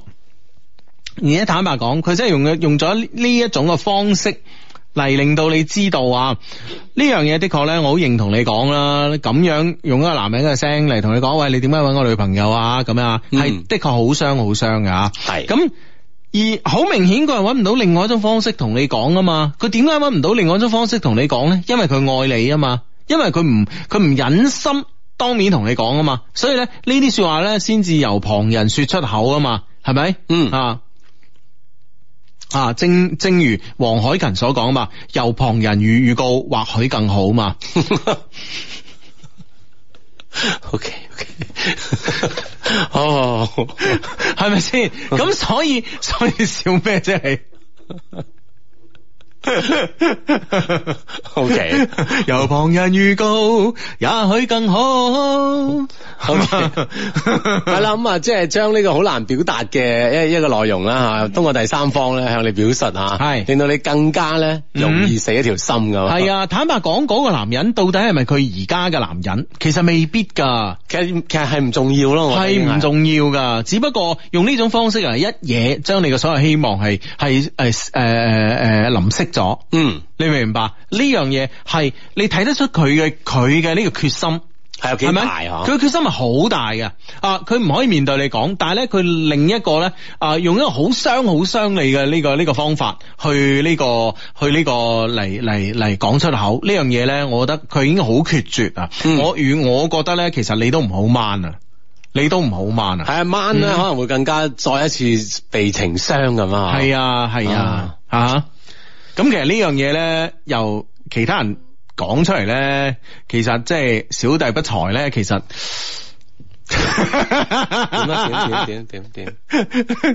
而且坦白講，佢真係用用咗呢一種嘅方式嚟令到你知道啊，呢樣嘢的確咧，我好認同你講啦。咁樣用一個男人嘅聲嚟同你講，喂，你點解揾我女朋友啊？咁樣係、嗯、的確好傷，好傷㗎。係咁。而好明顯，佢係搵唔到另外一種方式同你講啊嘛。佢點解搵唔到另外一種方式同你講呢？因為佢愛你啊嘛，因為佢唔佢唔忍心當面同你講啊嘛。所以咧，呢啲說話咧，先至由旁人說出口啊嘛，係咪？嗯啊啊，正正如黃海琴所講嘛，由旁人預預告或許更好嘛。 OK OK。 哦， 係咪先？咁所以所以笑咩啫？係。O.K. 由旁人預告，也許更好。好嘛？係啦，咁啊，即係將呢個好難表達嘅一一個內容啦嚇，通過第三方咧向你表達嚇，係令到你更加咧容易死一條心噶。係啊，坦白講，嗰個男人到底係咪佢而家嘅男人？其實未必㗎。其實其實係唔重要咯，係唔重要噶。只不過用呢種方式啊，一嘢將你嘅所有希望係係誒誒誒誒淋熄。咗，嗯，你明唔明白呢樣嘢，係你睇得出佢嘅佢嘅呢個決心係有幾大吓？佢決心係好大嘅啊！佢唔可以面對你講，但係咧佢另一個咧啊，用一個好傷好傷你嘅呢個呢、這個方法去呢、這個去呢、這個嚟嚟嚟講出口、這個、呢樣嘢咧，我覺得佢已經好決絕啊！嗯、我與我覺得咧，其實你都唔好掹啊，你都唔好掹啊！係啊、嗯，掹咧可能會更加再一次被情傷咁啊！係啊，係啊，啊！啊啊咁其實呢樣嘢咧，由其他人講出嚟咧，其實即係小弟不才咧，其實點點點點點，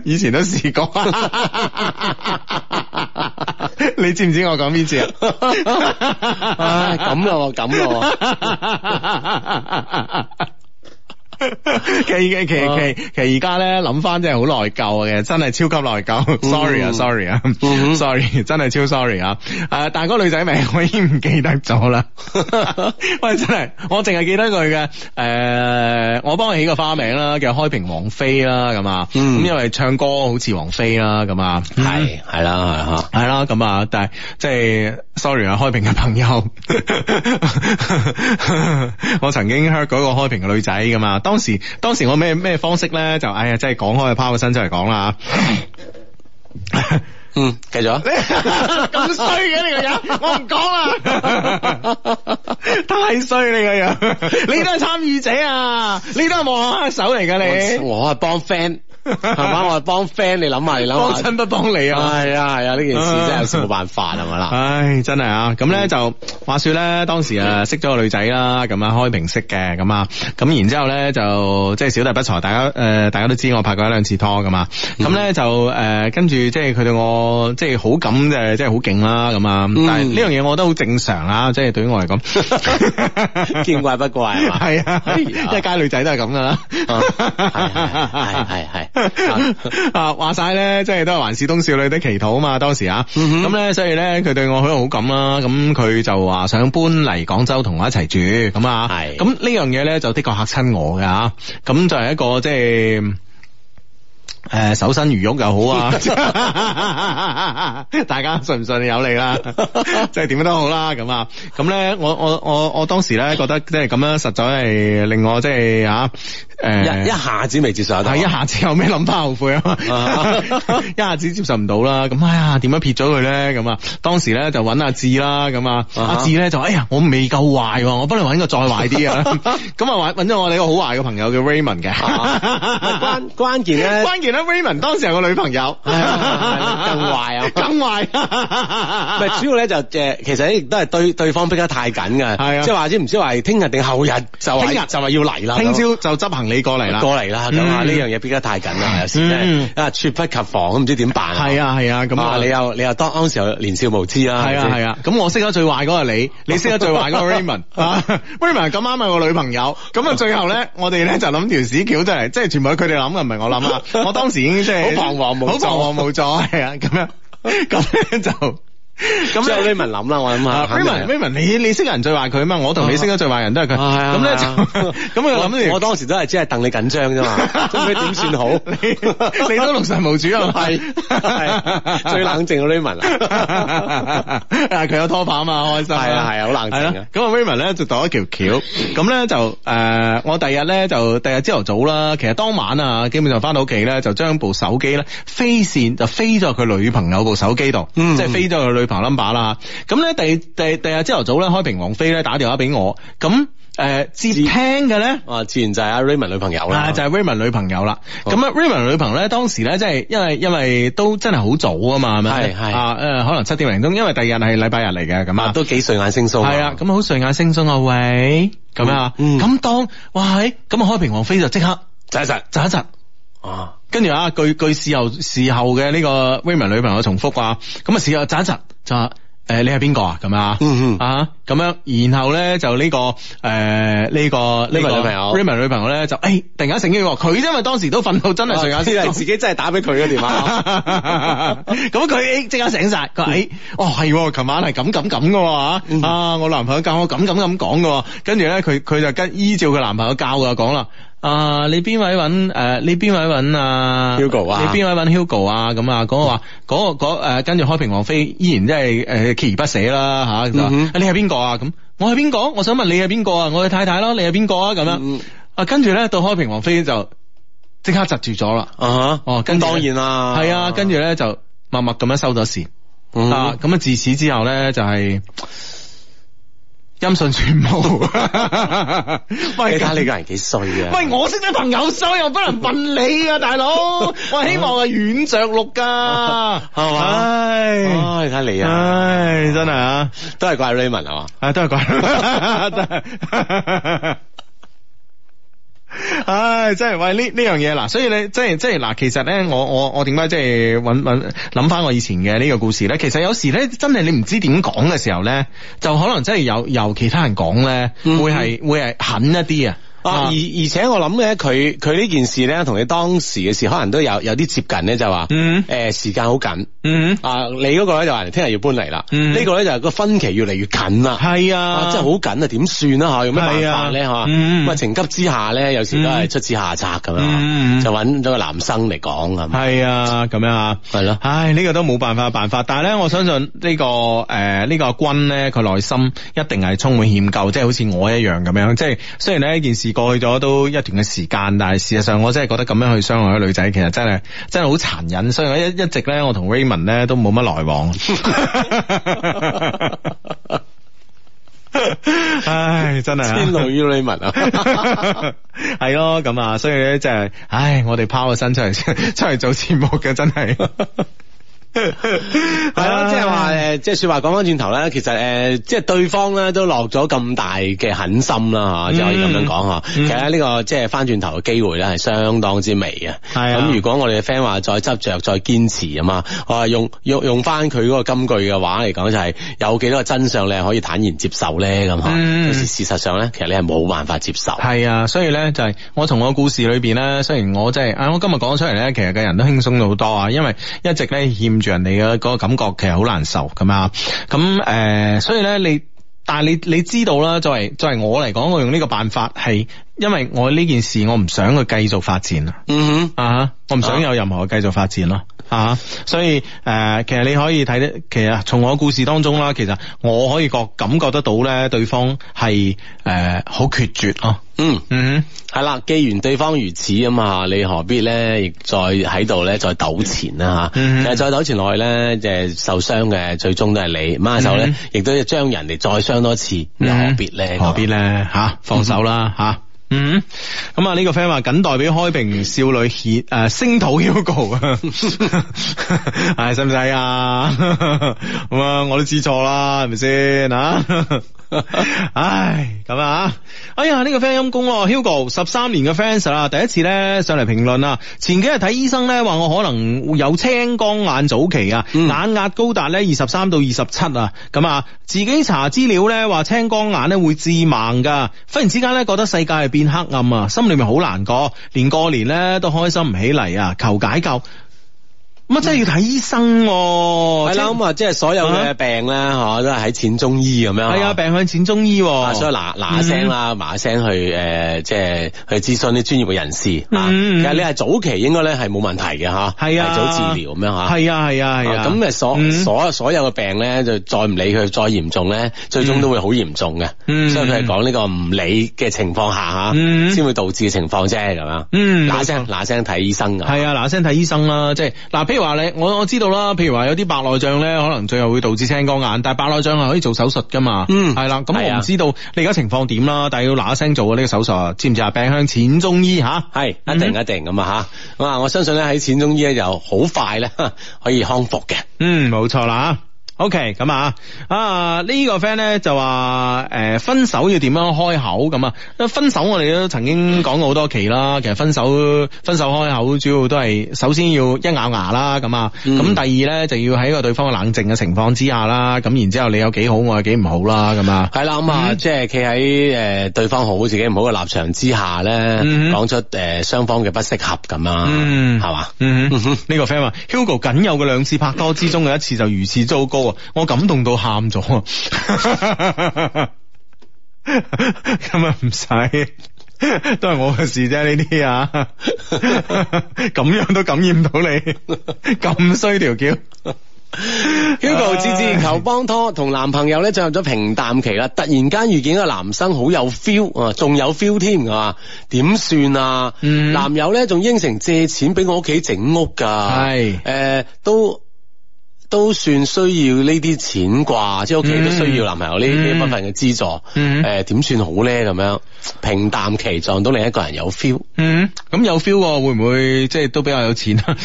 以前都試過。 你知唔知我講邊次 啊？咁咯，咁咯。 其實其其其實而家咧諗翻真係好內疚嘅，真係超級內疚、mm hmm.，sorry 啊 sorry 啊 sorry，、mm hmm. 真係超 sorry 啊！誒、呃，但係嗰個女仔名我已經唔記得咗啦。 喂，真係我淨係記得佢嘅誒，我幫佢起個花名啦，叫開平王菲啦咁啊。咁、mm hmm. 因為唱歌好似王菲啦咁啊，係係啦係吓，係啦咁啊，但係即係 sorry 啊，開平嘅朋友， 我曾經 hurt 過一個開平嘅女仔噶嘛。當時當時我咩咩方式咧就，哎呀，真係講開就拋個身出嚟講啦吓。嗯，繼續啊。咁衰嘅你個樣，我唔講啦。 太衰你個樣，你, 你都係參與者啊，你都係望我下手嚟噶你。我係幫 friend。爸爸，我幫 friend 你諗下，你諗下。幫親不幫你啊！係啊係啊，呢件事真係冇辦法係咪啦？唉，真係啊！咁咧就，話說咧，當時誒識咗個女仔啦，咁啊開平識嘅，咁啊，咁然之後咧就即係小弟不才，大家誒大家都知我拍過一兩次拖咁嘛。咁咧就誒跟住即係佢對我即係好感誒，即係好勁啦咁啊！但係呢樣嘢我覺得好正常啊，即係對於我嚟講，見怪不怪。係啊，一街女仔都係咁噶啦。係係係。啊！話晒咧，即係都係環市東少女的祈禱啊嘛！當時啊，咁咧，所以咧，佢對我好有好感啦。咁佢就話想搬嚟廣州同我一齊住。咁啊，係。咁呢樣嘢咧，就的確吓親我嘅。咁就係一個即係誒，守身如玉又好啊。大家信唔信有你啦？即係點樣都好啦。咁啊，咁咧，我我我我當時咧覺得，即係咁樣，實在係令我即係啊。誒，一下子未接受，但係一下子有咩諗法後悔啊？一下子接受唔到啦，咁哎呀，點樣撇咗佢咧？咁啊，當時咧就搵阿志啦，咁啊，阿志咧就，哎呀，我未夠壞，我幫你搵個再壞啲啊！咁啊搵咗我哋個好壞嘅朋友叫 Raymond 嘅。關關鍵咧，關鍵咧，Raymond 當時係個女朋友，更壞啊，更壞。唔主要咧就其實亦都係對對方逼得太緊嘅，即係或者唔知話聽日定後日就聽日就話要嚟啦，聽朝就執行。你過嚟啦，過嚟啦，咁啊呢樣嘢變得太緊啦，先啊猝不及防，都唔知點辦。係啊係啊，咁啊你又你又當當時又年少無知啦。係啊係啊，咁我識咗最壞嗰個你，你識咗最壞嗰個 Raymond，Raymond，咁啱係我女朋友，咁啊最後咧，我哋咧就諗條屎橋出嚟，即係全部係佢哋諗嘅，唔係我諗啊。我當時已經即係好彷徨，好彷徨無助，係啊，咁樣咁樣就。咁咧，Raymond 諗啦，我諗啊，Raymond，Raymond，你你識人最壞佢啊嘛，我同你識得最壞人都係佢。咁咧咁我諗住，我當時都係只係戥你緊張啫嘛，後屘點算好？你都六神無主啊，係最冷靜嘅 Raymond 佢有拖把啊嘛，開心。係啊係啊，好冷靜咁啊 Raymond 咧就度一條橋，咁咧就誒，我第日咧就第日朝頭早啦，其實當晚啊，基本上翻到屋企咧，就將部手機咧飛線就飛咗佢女朋友部手機度，即係飛咗佢女。排 number 啦，咁咧，第第第日朝頭早咧開平王妃咧打電話俾我，咁誒接聽嘅咧，啊自然就係阿 Raymond 女朋友啦，就係 Raymond 女朋友啦，咁啊 Raymond 女朋友咧當時咧即係因為因為都真係好早啊嘛，係咪？係啊誒，可能七點零鐘，因為第二日係禮拜日嚟嘅，咁啊都幾睡眼惺忪，係啊，咁好睡眼惺忪啊，喂，咁樣啊，咁當，哇，咁啊開平王妃就即刻，扎一扎扎一扎，啊，跟住啊據據事後事後嘅呢個 Raymond 女朋友重複啊。咁啊事後扎一扎。就誒、呃，你係邊個啊？咁樣啊，咁、嗯嗯啊、樣，然後咧就呢、這個誒呢、呃這個呢個女朋友，Raymond 女朋友咧就誒、哎，突然間醒起，佢因為當時都瞓到真係睡眼惺忪，啊、自己真係打俾佢嘅電話，咁佢即刻醒晒，佢話誒、嗯哎，哦係，琴晚係咁咁咁嘅吓，啊我男朋友教我咁咁咁講嘅，跟住咧佢佢就跟依照佢男朋友教嘅講啦。你邊位揾誒？你邊位揾、啊啊、？Hugo 啊？你邊位揾 Hugo 啊？咁、嗰個嗰個嗰個嗰個、啊，個話，個誒，跟住開平王妃依然即係誒鍥而不舍啦吓。你係邊個啊？咁我係邊個？我想問你係邊個啊？我係太太咯，你係邊個啊？咁樣、嗯、啊？跟住咧，到開平王妃就即刻窒住咗啦。啊！哦，咁當然啦。係啊，跟住咧就默默咁樣收咗線。嗯、啊！咁啊，自此之後咧就係。啊啊音訊全冇。 是你家呢個人幾衰啊！喂，我識得朋友衰，又不能問你啊，大佬！我希望係軟着陸噶，係嘛？唉，你睇你，啊？唉吧，真係啊，啊，都係怪 Raymond 係嘛？係都係怪， 唉，真係喂呢呢樣嘢嗱，所以你真係即係嗱，其實咧，我我我點解即係揾揾諗翻我以前嘅呢個故事咧？其實有時咧，真係你唔知點講嘅時候咧，就可能真係有由其他人講咧，會係會係狠一啲啊！而、啊、而且我諗咧，佢佢呢件事咧，同你當時嘅事可能都有有啲接近咧，就話，誒、嗯，時間好緊，啊，你嗰個咧就話聽日要搬嚟啦，呢個咧就係個分期越嚟越近啦，係啊，即係好緊啊，點算啊？吓？有咩辦法咧吓？咁情急之下咧，有時都係出此下策咁樣、嗯啊，就揾咗個男生嚟講咁，係啊，咁樣、嗯、啊，係咯，的唉，呢、這個都冇辦法嘅辦法，但係咧，我相信呢、這個誒呢、呃這個君咧，佢內、這個呃這個、心一定係充滿歉疚，即係好似我一樣咁樣，即係雖然咧呢件事。過咗都一段嘅時間，但係事實上我真係覺得咁樣去傷害一個女仔，其實真係真係好殘忍，所以我一一直咧，我同 Raymond 咧都冇乜來往。 唉，真係遷怒於 Raymond 啊，係咯、啊，咁 啊，所以咧即係，唉，我哋拋個身出嚟出嚟做節目嘅，真係係咯，即係話。呃、即係說話講翻轉頭咧，其實誒、呃，即係對方咧都落咗咁大嘅狠心啦，吓、啊，就、嗯、可以咁樣講吓。嗯、其實呢、呢個即係翻轉頭嘅機會咧，係相當之微嘅。咁、啊，如果我哋嘅 friend 話再執着、再堅持啊嘛，我、啊、用用用翻佢嗰個金句嘅話嚟講，就係、是、有幾多個真相你係可以坦然接受咧，咁嗬、嗯。啊就是、事實上咧，其實你係冇辦法接受。係啊，所以咧就係我同我故事裏邊咧，雖然我即係啊，我今日講出嚟咧，其實個人都輕鬆咗好多啊，因為一直咧欠住人哋嘅嗰個感覺，其實好難受。咁啊？咁、嗯、誒，所以咧，你但係你你知道啦，作為作為我嚟講，我用呢個辦法係，因為我呢件事我唔想去繼續發展啊。嗯哼，啊、uh-huh, 我唔想有任何嘅繼續發展咯。啊，所以誒、呃，其實你可以睇，其實從我故事當中啦，其實我可以覺感覺得到咧，對方係誒好決絕哦。嗯、啊、嗯，係啦、嗯哼，既然對方如此咁嘛，你何必咧，亦再喺度咧，再糾纏啦吓。嗯，但、啊、再糾纏落去咧，就係受傷嘅，最終都係你。唔下手咧，亦都要將人哋再傷多次，又何必咧？何必咧？吓、嗯啊啊，放手啦、啊，吓、啊。啊嗯，咁啊呢個 friend 話僅代表開平少女險誒聲討 HUGO 啊，係使唔使啊？咁 啊我都知錯啦，係咪先吓？ 唉，咁啊！哎呀，呢、這個 friend 陰功咯，Hugo 十三年嘅 fans 啊。第一次呢，上嚟評論啊。前幾日睇醫生呢，話我可能會有青光眼早期啊，嗯、眼壓高達呢二十三到二十七啊。咁啊，自己查資料呢，話青光眼呢會致盲噶。忽然之間呢，覺得世界係變黑暗啊，心裏面好難過，連過年呢都開心唔起嚟啊，求解救。乜真係要睇醫生？係啦，咁啊，即係所有嘅病咧，嗬，都係喺淺中醫咁樣。係啊，病向淺中醫。所以嗱嗱聲啦，嗱聲去誒，即係去諮詢啲專業嘅人士。其實你係早期，應該咧係冇問題嘅，嗬。係啊，提早治療咁樣，嗬。係啊，係啊，係啊。咁誒，所所所有嘅病咧，就再唔理佢，再嚴重咧，最終都會好嚴重嘅。所以佢係講呢個唔理嘅情況下吓，先會導致嘅情況啫，咁樣嗱聲嗱聲睇醫生。係啊，嗱聲睇醫生啦，即係嗱，話你我我知道啦，譬如話有啲白內障咧，可能最後會導致青光眼，但係白內障係可以做手術噶嘛嗯。嗯，係啦、嗯，咁我唔知道你而家情況點啦，但係要嗱一聲做呢個手術，知唔知啊？病向淺中醫吓，係一定、嗯、一定咁、嗯、啊吓，咁啊我相信咧喺淺中醫咧就好快咧可以康復嘅。嗯，冇錯啦。O.K. 咁啊啊呢、這個 friend 咧就話誒、呃、分手要點樣開口咁啊？分手我哋都曾經講過好多期啦，嗯、其實分手分手開口主要都係首先要一咬牙啦，咁啊，咁第二咧就要喺個對方嘅冷靜嘅情況之下啦，咁然之後你有幾好，我有幾唔好啦，咁、嗯、啊，係啦，咁啊即係企喺誒對方好自己唔好嘅立場之下咧，講、嗯、出誒雙方嘅不適合咁啊，係嘛、嗯？吧嗯哼，呢個 friend 話 Hugo 僅有嘅兩次拍拖之中嘅一次就如此糟糕。我感動到喊咗，咁啊唔使，都係我嘅事啫。呢啲啊，咁 樣都感染到你，咁衰條叫 Hugo 自自然求幫拖，同男朋友咧進入咗平淡期啦。突然間遇見個男生好有 feel，啊 fe，仲有 feel 添，啊、嗯，嘛？點算啊？男友咧仲應承借錢俾我屋企整屋噶，係誒是、呃、都。都算需要呢啲錢啩，嗯、即係屋企都需要男朋友呢啲部分嘅資助。誒、嗯，點、呃、算好咧？咁樣平淡期撞到另一個人有 feel，咁、嗯、有 feel、哦、會唔會即係都比較有錢啊？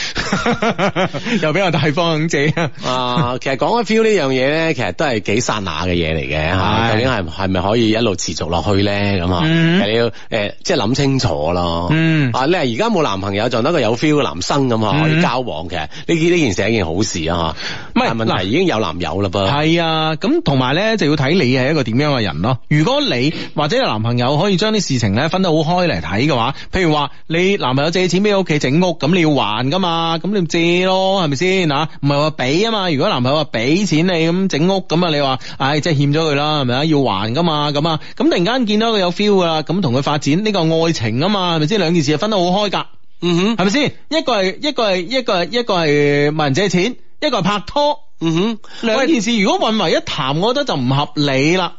又比較大方肯借啊， 啊？其實講到 feel 呢樣嘢咧，其實都係幾剎那嘅嘢嚟嘅吓。啊、是究竟係係咪可以一路持續落去咧？咁啊，你要誒，即係諗清楚咯。啊，嗯、你係而家冇男朋友撞到個有 feel 嘅男生咁啊，可以交往，其實呢呢件事係一件好事啊吓。唔係嗱，問題已經有男友啦噃，係但 啊。咁同埋咧，就要睇你係一個點樣嘅人咯。如果你或者有男朋友，可以將啲事情咧分得好開嚟睇嘅話，譬如話你男朋友借錢俾屋企整屋，咁你要還噶嘛？咁你借咯，係咪先嗱？唔係話俾啊嘛？如果男朋友話俾錢你咁整屋咁啊，你話唉、哎，即係欠咗佢啦，係咪啊？要還噶嘛？咁啊，咁突然間見到佢有 feel 噶啦，咁同佢發展呢個愛情啊？嘛係咪先兩件事啊？分得好開噶，嗯哼，係咪先一個係一個係一個係一個係問人借錢。一個係拍拖，嗯哼，兩件事，喂如果混為一談，我覺得就唔合理啦。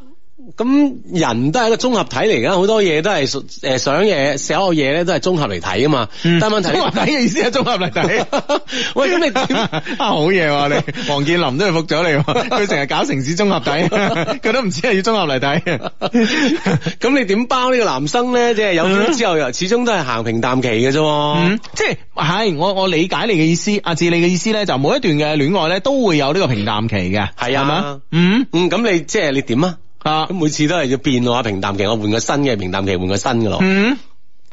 咁人都係一個綜合體嚟噶，好多嘢都係誒想嘢、寫個嘢咧，都係綜合嚟睇噶嘛。但係問題綜合體嘅意思係綜合嚟睇。喂，咁你點啊，好嘢，你王健林都係服咗你。佢成日搞城市綜合體，佢都唔知係要綜合嚟睇。咁你點包呢個男生咧？即係有咗之後又始終都係行平淡期嘅啫。即係係我我理解你嘅意思。阿志你嘅意思咧，就每一段嘅戀愛咧都會有呢個平淡期嘅。係啊，嘛。嗯嗯，咁你即係你點啊？啊！咁每次都係要變咯，平淡期我換個新嘅平淡期，換個新嘅咯。嗯，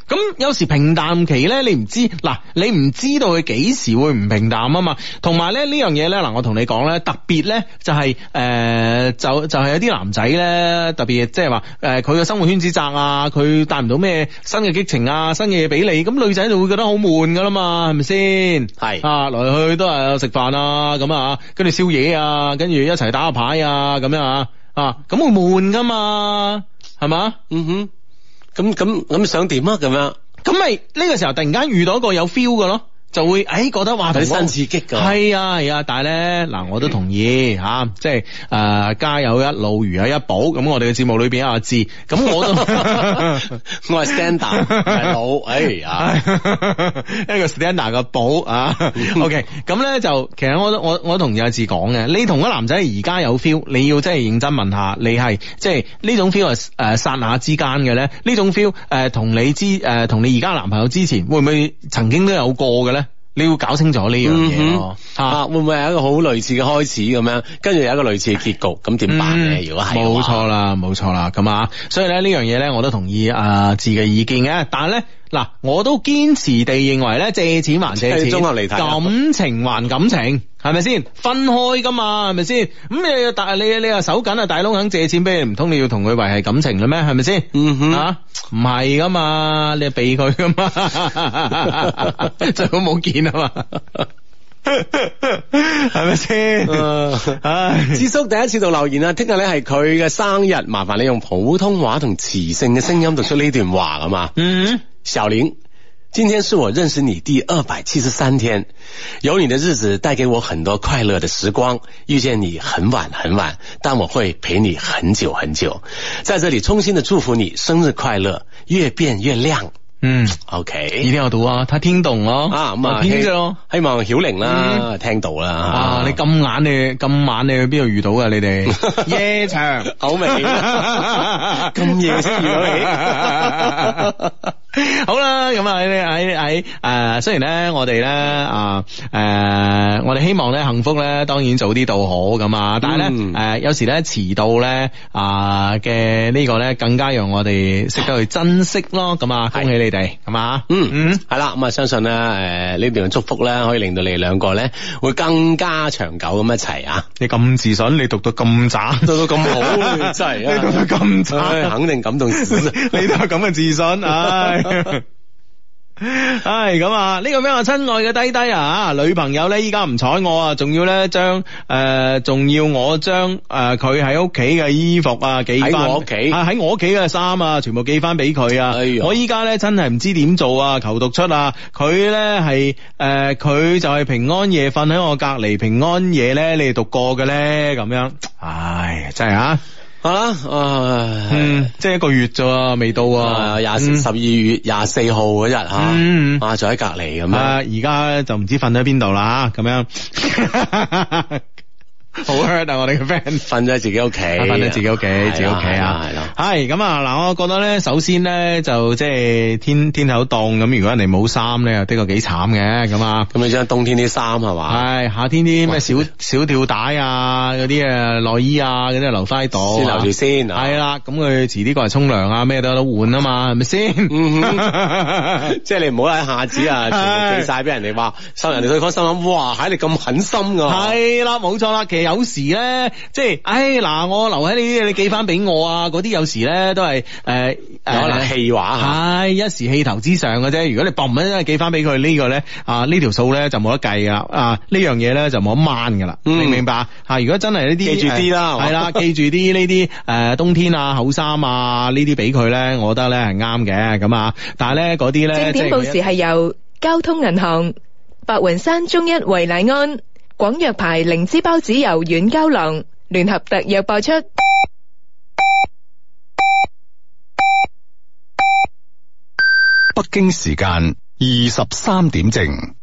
咁有時平淡期咧，你唔知嗱，你唔知道佢幾時會唔平淡啊？嘛，同埋咧呢樣嘢咧嗱，我同你講咧特別咧就係誒，就就係有啲男仔咧特別即係話誒，佢嘅生活圈子窄啊，佢帶唔到咩新嘅激情啊，新嘅嘢俾你咁，女仔就會覺得好悶噶啦嘛，係咪先係啊？來來去去都係食飯啊，咁啊，跟住宵夜啊，跟住一齊打下牌啊，咁樣啊。啊，咁會悶噶嘛，係嘛，嗯哼，咁咁咁想點啊？咁樣，咁咪呢個時候突然間遇到一個有 feel 噶咯。就會誒覺得話睇新刺激噶係啊係啊，但係咧嗱，我都同意吓，即係誒家有一老如有一寶咁，我哋嘅節目裏邊阿志咁，我都 我係 stander 大佬， 誒啊一個 stander 嘅寶啊，OK，咁、嗯、咧 就其實我我我同阿志講嘅，你同個男仔而家有 feel，你要真係認真問下，你係即係呢種 feel 誒剎那之間嘅咧，呢、嗯、種 feel 誒同你之誒、嗯、同你而家男朋友之前會唔會曾經都有過嘅咧？你會搞清楚呢樣嘢咯，吓、嗯哼啊、會唔會係一個好類似嘅開始咁樣，跟住有一個類似嘅結局，咁點辦咧？嗯、如果係冇錯啦，冇錯啦，咁啊，所以咧呢樣嘢咧，我都同意阿志嘅意見嘅，但係咧。嗱，我都堅持地認為咧，借錢還借錢，感情還感情，係咪先？分開噶嘛，係咪先？咁你大你你啊，手緊啊，大佬肯借錢俾你，唔通你要同佢維繫感情嘅咩？係咪先？嗯哼，嚇，唔係噶嘛，你避佢噶嘛，最好冇見啊嘛，係咪先？唉，志叔第一次做留言啊，聽日咧係佢嘅生日，麻煩你用普通話同磁性嘅聲音讀出呢段話啊嘛。嗯。小玲，今天是我認識你第二百七十三天，有你的日子帶給我很多快樂的時光。遇見你很晚很晚，但我會陪你很久很久。在這裏衷心的祝福你生日快樂，越變越亮。嗯，OK，一定要讀啊？他聽懂哦啊，咁啊，哦希望曉玲啦聽到啦啊！你咁晚你咁晚你，你去邊度遇到啊？你哋夜場歐美，咁 夜先你。 好啦，咁啊喺喺誒，雖然咧我哋咧啊誒，我哋希望咧幸福咧，當然早啲到好咁啊，但係咧誒，有時咧遲到咧啊嘅呢個咧，更加讓我哋識得去珍惜咯。咁啊，恭喜你哋，係嘛？嗯嗯，係啦，咁啊，相信咧誒呢段祝福咧，可以令到你哋兩個咧會更加長久咁一齊啊！你咁自信，你讀到咁渣， 讀到咁好，真係 你讀到咁渣， 肯定感動你都係咁嘅自信，唉。 哎係 咁、哎、啊！呢個咩啊？親愛嘅低低啊，女朋友呢，依家唔睬我啊，仲要呢，將、呃、誒，仲要我將誒佢喺屋企嘅衣服啊寄翻我屋企啊，喺我屋企嘅衫啊，全部寄翻俾佢啊！哎、呦我依家呢，真係唔知點做啊！求讀出啊！佢呢係誒，佢、呃、就係平安夜瞓喺我隔籬，平安夜呢，你哋讀過嘅呢，咁樣，唉、哎，真係啊！好啦，啊，唉嗯、即係一個月咋未到啊，廿、嗯、十二月廿四號嗰日吓，嗯、啊，就喺隔籬咁樣，而家、啊、就唔知瞓喺邊度啦咁樣。 好 hurt 啊！我哋嘅 friend 瞓咗喺自己屋企，瞓喺自己屋企，自己屋企啊，係咯。係咁啊，嗱，我覺得咧，首先咧就即係天天口好凍咁，如果人哋冇衫咧，的確幾慘嘅。咁啊，咁你將冬天啲衫係嘛？係夏天啲咩小小吊帶啊，嗰啲啊內衣啊，嗰啲留翻喺度，先留住先。係啦，咁佢遲啲過嚟沖涼啊，咩都有得換啊嘛，係咪先？即係你唔好一下子啊，全部寄晒俾人哋，話收人哋對方心諗，哇，喺你咁狠心噶。係啦，冇錯啦，其實有時咧，即係，唉，嗱，我留喺呢啲，你寄翻俾我啊！嗰啲有時咧都係，誒、呃，可能氣話吓，係一時氣頭之上嘅啫。如果你百五蚊寄翻俾佢，呢、這個咧啊，呢條數咧就冇得計噶啦！啊，呢樣嘢咧就冇得掹噶啦，明、啊、唔、這個嗯、明白啊？吓，如果真係呢啲，記住啲啦，係啦，記住啲呢啲，誒，冬天啊，厚衫啊，呢啲俾佢咧，我覺得咧係啱嘅。咁啊，但係咧嗰啲咧，正點報時係由,由交通銀行白雲山中一維禮安。 廣藥牌靈芝包子油軟膠囊，聯合特約播出。北京時間二十三點正。